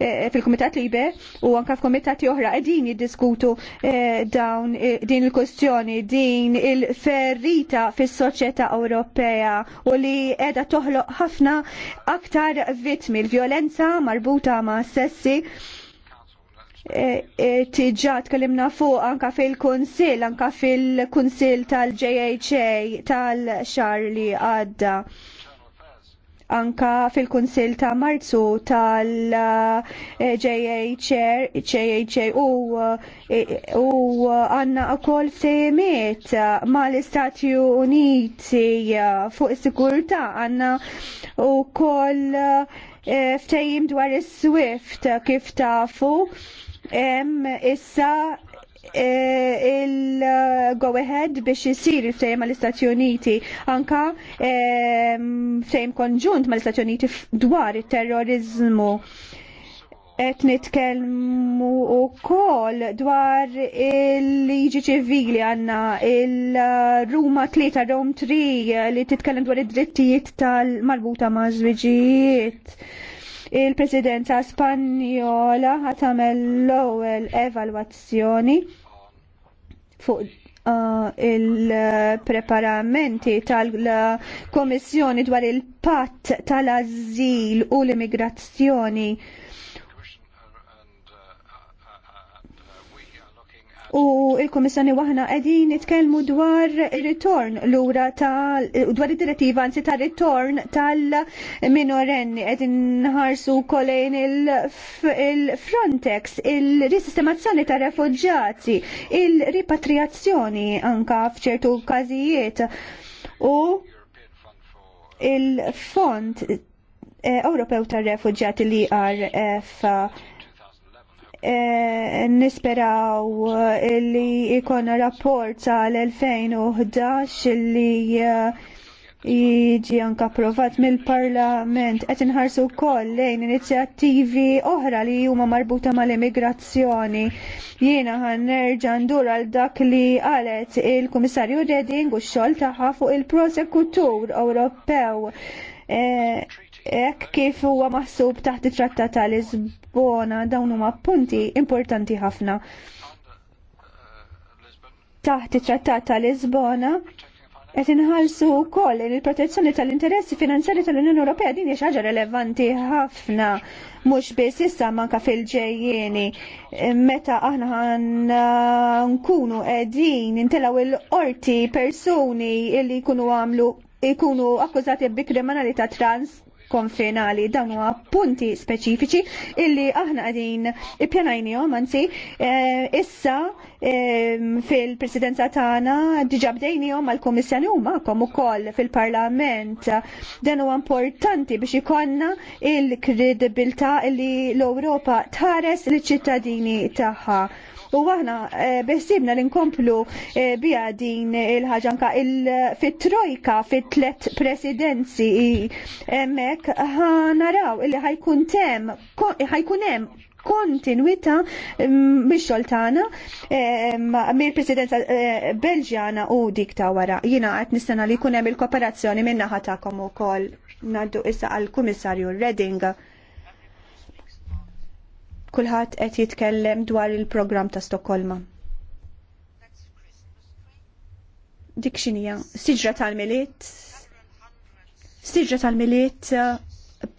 eh, fil-Kumitat Libe u anka f'kumitati oħra qegħdin jiddiskutu eh, dawn eh, din il-kwestjoni, din il-ferrita fis-soċjetà Ewropea u li qiegħda toħloq ħafna aktar vittmi l-vjolenza marbuta ma' sessi E, e, tiġa tkellimna fuq anka fil-Kunsill, anka fil-Kunsill tal-JHA tal-xar li għadda anka fil kunsil ta' Marzu tal-JHA e, u għanna ukoll semiet mal-Istati Uniti fuq is-sigurtà għanna ukoll ftejim dwar is-Swift kif tafu Em issa e, il-go ahead biex jisir il-ftejm mal-Istati Uniti anka e, ftejm konġunt mal-Istati Uniti dwar il-terrorizmu et nitkelmu u kol dwar il-liġi ċivili għanna il-Ruma 3, Rome 3 li titkellem dwar id-drittijiet tal-marbuta ma' żwiġijiet Il-Presidenza Spanjola għatamel l-ewwel evalwazzjoni fuq uh, il-preparamenti tal-Komissjoni dwar il-patt tal-azil u l-immigrazzjoni u il-Komissjoni waħna qegħdin nitkellmu dwar ritorn lura tal dwar id-direttiva anzi ta' ritorn tal-minorenni qegħdin nħarsu kolejn il-Frontex, il-risistemazzjoni ta' refugġati, il-ripatriazzjoni anka f'ċertu kazijiet u il-Fond eh, Ewropew tar refugġati li RF E, nisperaw e, li ikon rapport tal-2011 li e, jiġi anka approvat mill-Parlament qed inħarsu wkoll lejn inizjattivi oħra li huma marbuta mal-immigrazzjoni. Jiena nerġa' ndur għal dak li qalet il-Kummissarju Reding u x-xogħol tagħha fuq il-Prosekutur Ewropew. Ek kif huwa maħsub taħt it-Trattat ta' Lisbona dawn huma punti importanti ħafna. Taħt it-Trattat ta' Lisbona qed inħallsu wkoll in il-protezzjoni tal-interessi finanzjari tal-Unjoni Ewropea din hija ħaġa relevanti ħafna mhux biss issa manka fil-ġejjieni meta aħna uh, nkunu qegħdin intilgħu il-qorti persuni li jkunu għamlu jkunu akkużati bi kriminalità trans konfinali dan huwa punti speċifiċi illi aħna qegħdin ippjanajnihom anzi eh, issa eh, fil-presidenza tagħna diġà bdejnihom għall-Kummissjoni u magħkom ukoll fil-Parlament. Dan huwa importanti biex ikonna il-kredibilità li l-Ewropa tħares liċ ċittadini tagħha u aħna eh, besibna li nkomplu eh, biha din il-ħaġanka fit-trojka fit-tlet presidenzi emmek ħanaraw li ħajkun tem ħajkun hemm kontinuita mm, bix-xogħol eh, mill-Presidenza Belġjana u dik ta' wara. Jiena qed nistenna li jkun hemm il-kooperazzjoni min-naħa u ukoll. Naddu issa għall-Kummissarju Redding kulħadd qed jitkellem dwar il-programm ta' Stokkolma. Dik xinija, siġra tal-miliet, siġra tal-miliet eh,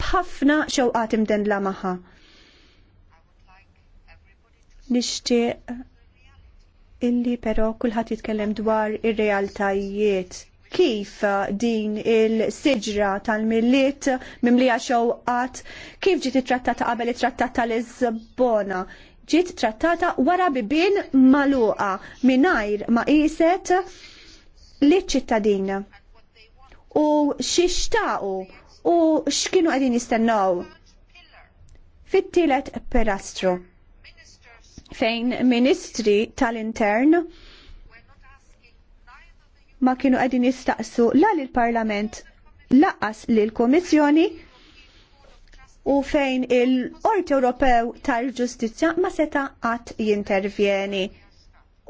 bħafna xewqat imdendla maħħa. Nixtieq illi però kulħadd jitkellem dwar ir-realtajiet kif uh, din il-siġra tal-milliet mimlija xewqat kif ġiet trattata qabel it-trattat tal-Lisbona ġiet trattata wara bibien maluqa mingħajr ma qiset li ċittadina u xixtaqu u x'kienu qegħdin jistennew fit-tielet perastru. fejn ministri tal-intern ma kienu għedin jistaqsu la l parlament laqas li l-Komissjoni u fejn il-Qorti Ewropew tal-Ġustizzja ma seta qatt jintervjeni.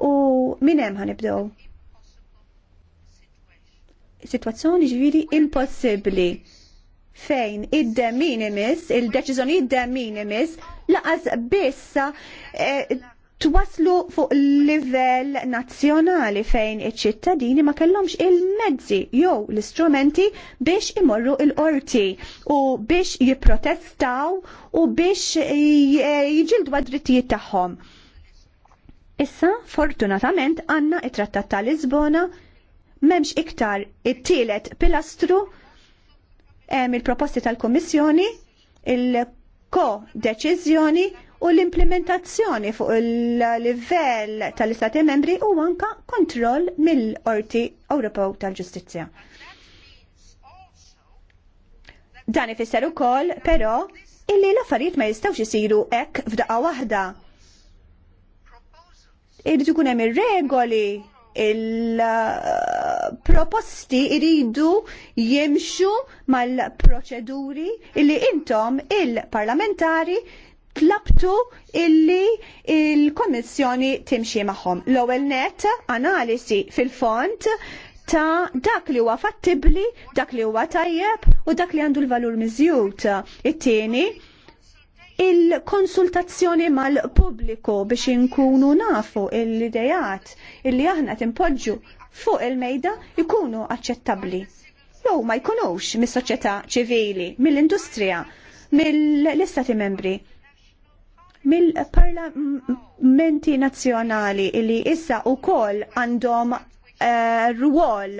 U minn hemm ħanibdew? Situazzjoni ġviri impossibbli fejn id-de minimis, il-deċiżjoni id-de minimis laqas bissa eh, twaslu fuq livell nazzjonali fejn iċ-ċittadini ma kellhomx il-mezzi jew l-istrumenti biex imorru il-qorti u biex jipprotestaw u biex jiġildu għad-drittijiet tagħhom. Issa, fortunatament, għanna it-trattat ta' Lisbona memx iktar it-tielet pilastru il-proposti kummissjoni il il-ko-deċizjoni u l-implementazzjoni fuq il-livell tal-Istati membri u anka kontroll mill-Orti Ewropew tal-Ġustizzja. Dan ifisser ukoll però illi l-affarijiet ma jistgħux isiru hekk f'daqqa waħda. Irid ikun hemm ir-regoli il-proposti iridu jimxu mal-proċeduri illi intom il-parlamentari tlabtu illi il-Kommissjoni timxie magħhom. L-ewwel net analisi fil-font ta' dak li huwa fattibli, dak li huwa tajjeb u dak li għandu l-valur miżjud. It-tieni il-konsultazzjoni mal-pubbliku biex inkunu nafu l-idejat illi aħna timpoġġu fuq il-mejda ikunu aċċettabbli. Jew ma jkunux mis-soċjetà ċivili, mill-industrija, mill-istati membri mill-parlamenti nazzjonali li issa u koll għandhom uh, eh, ruol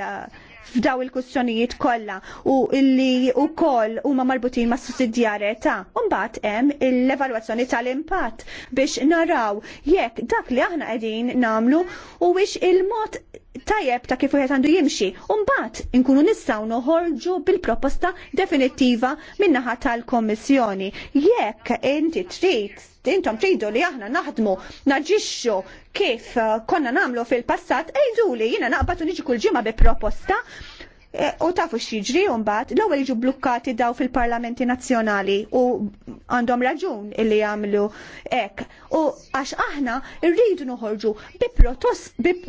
f'daw il-kustjonijiet kollha u illi wkoll huma marbutin ma' sussidjarjetà. Imbagħad hemm l-evalwazzjoni tal-impatt biex naraw jekk dak li aħna qegħdin nagħmlu u wiex il-mod tajjeb ta' kif wieħed għandu jimxi. Umbagħad inkunu nistgħu noħorġu bil-proposta definittiva min-naħa tal-Kommissjoni. Jekk inti trid intom tridu li aħna naħdmu naġixxu kif konna nagħmlu fil-passat, ejduli jiena naqbad u niġi kull ġimgħa bi proposta Eh, u tafu xieġri un mbagħad l-ewwel jiġu blukkati daw fil-parlamenti nazzjonali u għandhom raġun illi jagħmlu hekk. U għax aħna rridu noħorġu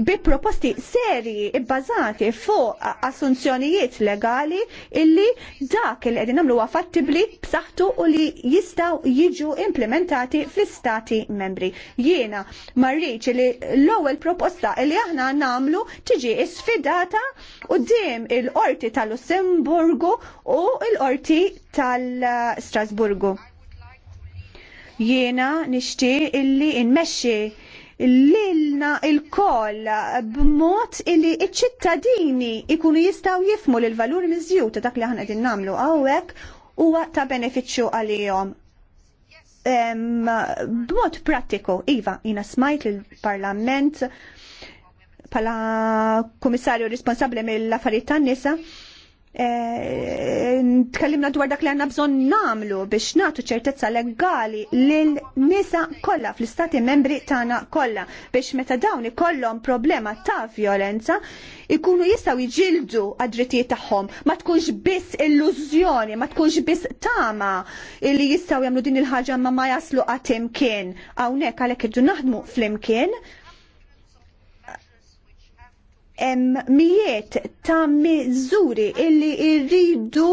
bi proposti serji bbażati fuq assunzjonijiet legali illi dak il qegħdin nagħmlu fattibbli b'saħħtu u li jistgħu jiġu implementati fl-istati membri. Jiena marriċ li l-ewwel proposta li aħna nagħmlu tiġi isfidata u il il-Qorti tal-Lussemburgu u il-Qorti tal-Strasburgu. Jiena nixtieq illi nmexxi lilna il-koll b'mod illi iċ-ċittadini ikunu jistaw jifmu l valur mizzju ta' dak li ħana din namlu għawek huwa ta' beneficju għalihom. B'mod prattiku, Iva, jina smajt il-Parlament pala komissarju responsabli mill-affarijiet tan-nisa e, tkellimna dwar dak li għanna bżon namlu biex natu ċertezza legali lil-nisa kollha fl-istati membri tagħna kollha biex meta dawn ikollhom problema ta' violenza ikunu jistaw jġildu għadritijiet tagħhom. Ma tkunx biss illużjoni, ma tkunx biss tama li jistaw jagħmlu din il-ħaġa ma ma jaslu għat imkien Hawnhekk għalhekk irdu naħdmu flimkien mijiet ta' miżuri illi irridu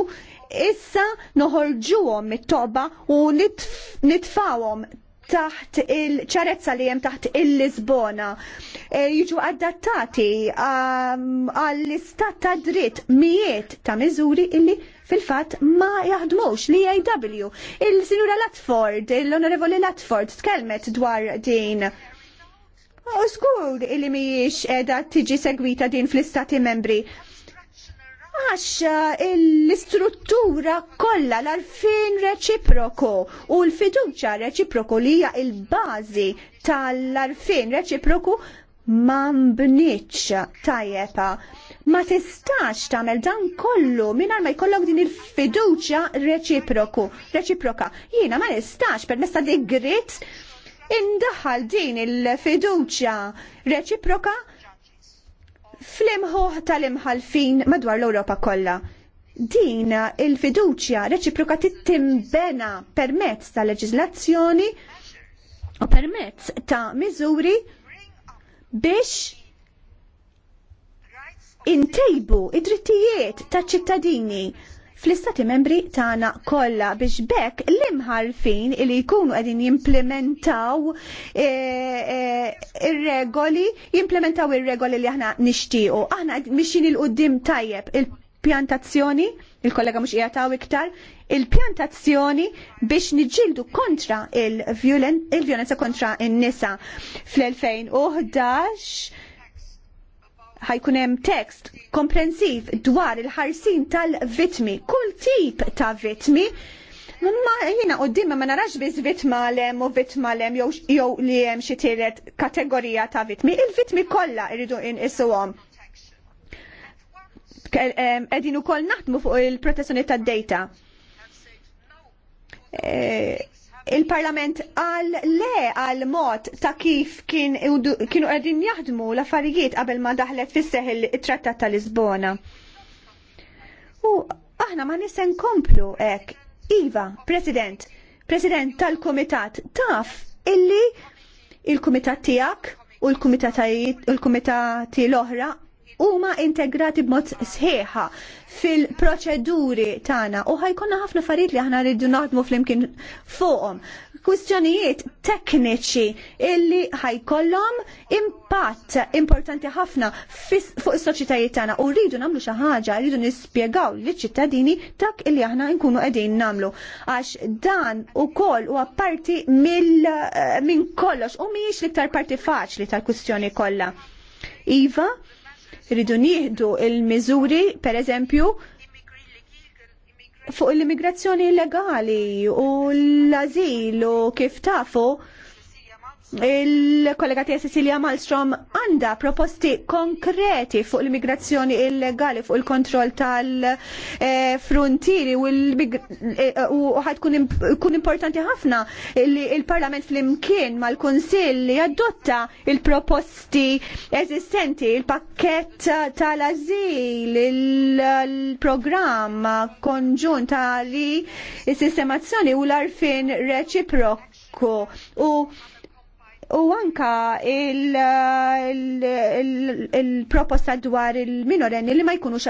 issa noħorġuhom mit-toba u nitfawhom taħt il-ċarezza li jem taħt il-Lisbona e, jiġu adattati għall-istat ta' dritt mijiet ta' miżuri illi fil-fat ma jaħdmux li AW. Il-Sinjura Latford, l-Onorevoli Latford, tkelmet dwar din U skur illi mhijiex qiegħda tiġi segwita din fl-istati membri. Għax eh, l-istruttura kollha l-arfin reċiproko u l-fiduċa reċiproko li hija il-bażi tal-arfin reċiproku ma mbniċ tajjeba. Ma tistax tagħmel dan kollu mingħajr ma jkollok din il-fiduċja reċiproku, reċiproka. Jiena ma nistax permessa ta' dik indaħal din il-fiduċja reċiproka fl-imħuħ tal-imħalfin madwar l-Europa kollha. Din il-fiduċja reċiproka tittimbena permezz ta' leġiżlazzjoni u permezz ta' miżuri biex intejbu id-drittijiet ta' ċittadini fl-istati membri tagħna kollha biex bekk l-imħarfin li jkunu qegħdin jimplementaw il eh, eh, ir-regoli, jimplementaw ir-regoli li aħna nixtiequ. Aħna mixin il-qudiem tajjeb il-pjantazzjoni, il-kollega mhux jgħataw iktar, il-pjantazzjoni biex niġġieldu kontra il-vjolenza kontra il nisa fl-2011 ħajkun hemm tekst komprensiv dwar il-ħarsin tal-vitmi, kull tip ta' vitmi. Ma jina dimma ma narax biss vitma lem u vitma lem jew li hemm xi kategorija ta' vitmi, il-vitmi kollha irridu inqisuhom. Qegħdin ukoll naħdmu fuq il-protezzjoni tad-data. Eh, il-Parlament għal le għal mod ta' kif kienu għedin jaħdmu l-affarijiet qabel ma daħlet fisseħ il-Trattat ta' Lisbona. U aħna ma nisen komplu ek. Iva, President, President tal-Komitat, taf illi il-Komitat tijak u l komitat l-oħra huma integrati b'mod sħiħa fil-proċeduri tagħna u ħajkonna ħafna affarijiet li aħna rridu naħdmu flimkien fuqhom. Kwistjonijiet tekniċi illi ħajkollhom impatt importanti ħafna fuq is-soċjetajiet tagħna u rridu nagħmlu xi ħaġa, rridu nispjegaw liċ-ċittadini dak illi aħna nkunu qegħdin nagħmlu għax dan ukoll huwa parti eh, minn kollox u mhijiex l-iktar parti faċli tal-kwistjoni kollha. Iva, Rridu nieħdu il-miżuri, per eżempju, fuq l-immigrazzjoni illegali u l-azil u kif tafu il-kollega tija Cecilia Malmstrom għanda proposti konkreti fuq l-immigrazzjoni illegali, fuq il-kontroll tal-frontieri u eh, ħad kun importanti ħafna li il-Parlament fl-imkien mal-Konsil li adotta il-proposti eżistenti, il-pakket tal-azil, il-programma konġunta li il-sistemazzjoni u l-arfin reċiproku u U anka il-proposta dwar il-minorenni li ma jkunux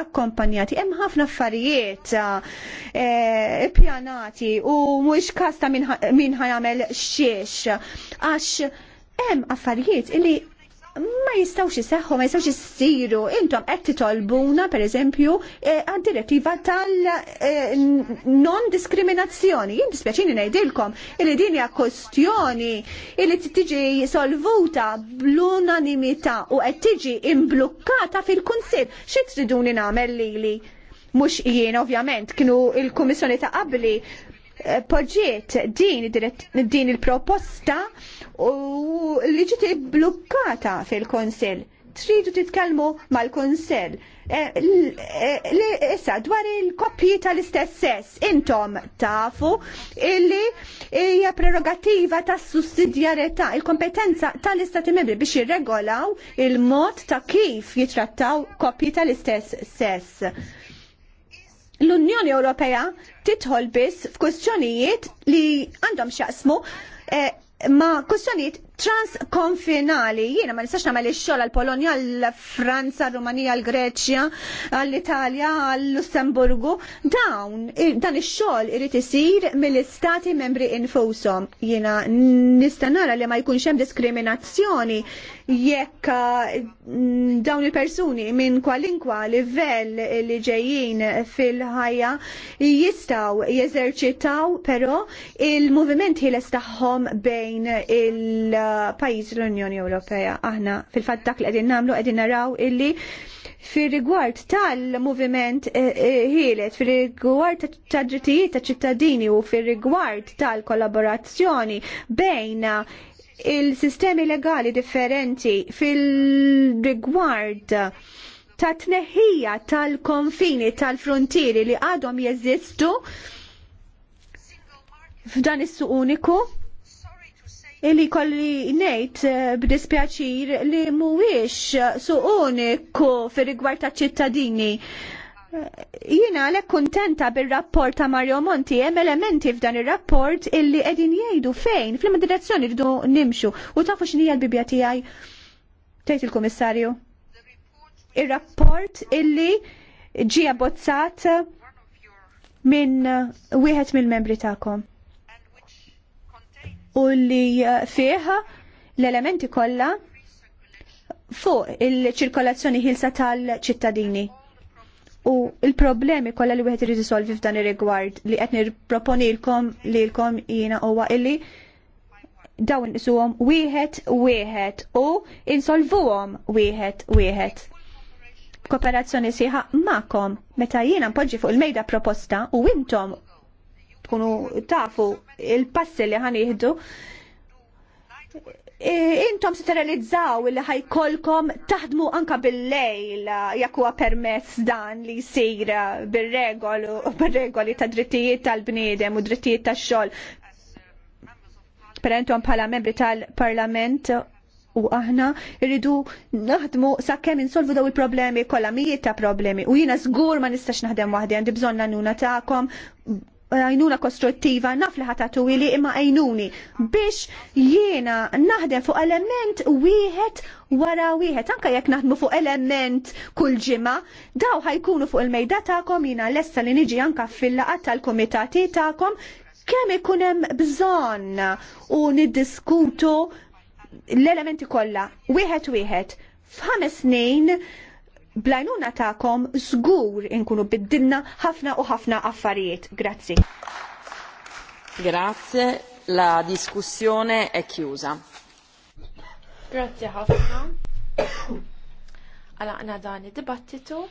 akkompanjati. Hemm ħafna affarijiet eh, pjanati u mhux kasta minn ħajamel xiex għax hemm affarijiet li ma jistawx jisaxħu, ma jistawx jissiru. Intom qed titolbuna, per eżempju, eh, għad-direttiva tal-non-diskriminazzjoni. Eh, jien dispjaċini ngħidilkom li din hija kwestjoni li tiġi solvuta bl-unanimità u qed tiġi imblukkata fil-Kunsill. Xi triduni nagħmel lili? Mhux jien ovvjament, kienu il-Kummissjoni ta' qabli poġġiet din il-proposta u li ġiet blokkata fil konsell Tridu titkellmu mal konsell eh, Li eh, issa dwar il-koppji tal-istess sess intom tafu illi hija prerogativa tas sussidjarjetà il-kompetenza tal-istati membri biex jirregolaw il-mod ta' kif jitrattaw koppji tal-istess sess. L-Unjoni Ewropea titħol biss f'kustjonijiet li għandhom xaqsmu eh, ma kustjonijiet transkonfinali. Jiena ma nistax nagħmel ix-xogħol għall-Polonja, għall-Franza, rumanija l greċja għall-Italja, għall-Lussemburgu. Dawn dan ix-xogħol irid isir mill-istati membri infushom. Jiena nista' nara li ma jkunx hemm diskriminazzjoni jekk mm, dawn il-persuni minn kwalinkwa livell li ġejjin fil-ħajja jistgħu jeżerċitaw però il-moviment l tagħhom bejn il- pajjiż l-Unjoni Ewropea. Aħna fil-fatt dak li qegħdin nagħmlu qegħdin naraw illi fir rigward tal-moviment eh, eh, ħielet, fir rigward ta' ġittijiet ta' ċittadini u fir rigward tal-kollaborazzjoni bejn il-sistemi legali differenti fil-rigward ta' tneħħija tal-konfini tal-frontieri li għadhom jeżistu f'dan is-suq uniku Illi kolli nejt eh, b'dispjaċir li mhuwiex su uniku fir-rigward ta' ċittadini. Eh, jina għalek kontenta bil-rapport ta' Mario Monti, hemm elementi f'dan il-rapport illi edin jgħidu fejn, fl direzzjoni rridu nimxu. U tafu x'inhi l-bibja tiegħi? Tgħid il-Kummissarju. Il-rapport illi ġie abbozzat minn wieħed mill-membri tagħkom u li eh, fih l-elementi kollha fuq il-ċirkolazzjoni ħilsa tal-ċittadini. U il-problemi kollha li wieħed irid isolvi f'dan ir-rigward li qed nirproponilkom lilkom jiena huwa illi dawn isuhom wieħed wieħed u insolvuhom wieħed wieħed. Kooperazzjoni sieħa ma'kom meta jiena npoġġi fuq il-mejda proposta u intom tkunu tafu il-passi li ħan jihdu, e, intom se teralizzaw li ħajkolkom taħdmu anka bil-lejl jekk huwa permess dan li jsir bir-regoli ta' drittijiet tal-bniedem u drittijiet tax-xogħol. Perentom bħala membri tal-Parlament u aħna irridu naħdmu sakemm insolvu daw il-problemi kollha mijiet ta' problemi u jiena żgur ma nistax naħdem waħdi għandi bżonn l tagħkom għajnuna kostruttiva naf li ħatatu ili imma għajnuni biex jiena naħdem fuq element wieħed wara wieħed anka jekk naħdmu fuq element kull ġimma daw ħajkunu fuq il-mejda tagħkom jiena lesta li niġi anka fil-laqat tal-kumitati tagħkom kemm ikun hemm bżonn u niddiskutu l-elementi kollha wieħed wieħed f'ħames snin blajnuna ta'kom zgur inkunu biddinna ħafna u ħafna affarijiet. Grazzi. Grazie, la diskussione è chiusa. Grazie ħafna. Għalaqna dan id-dibattitu.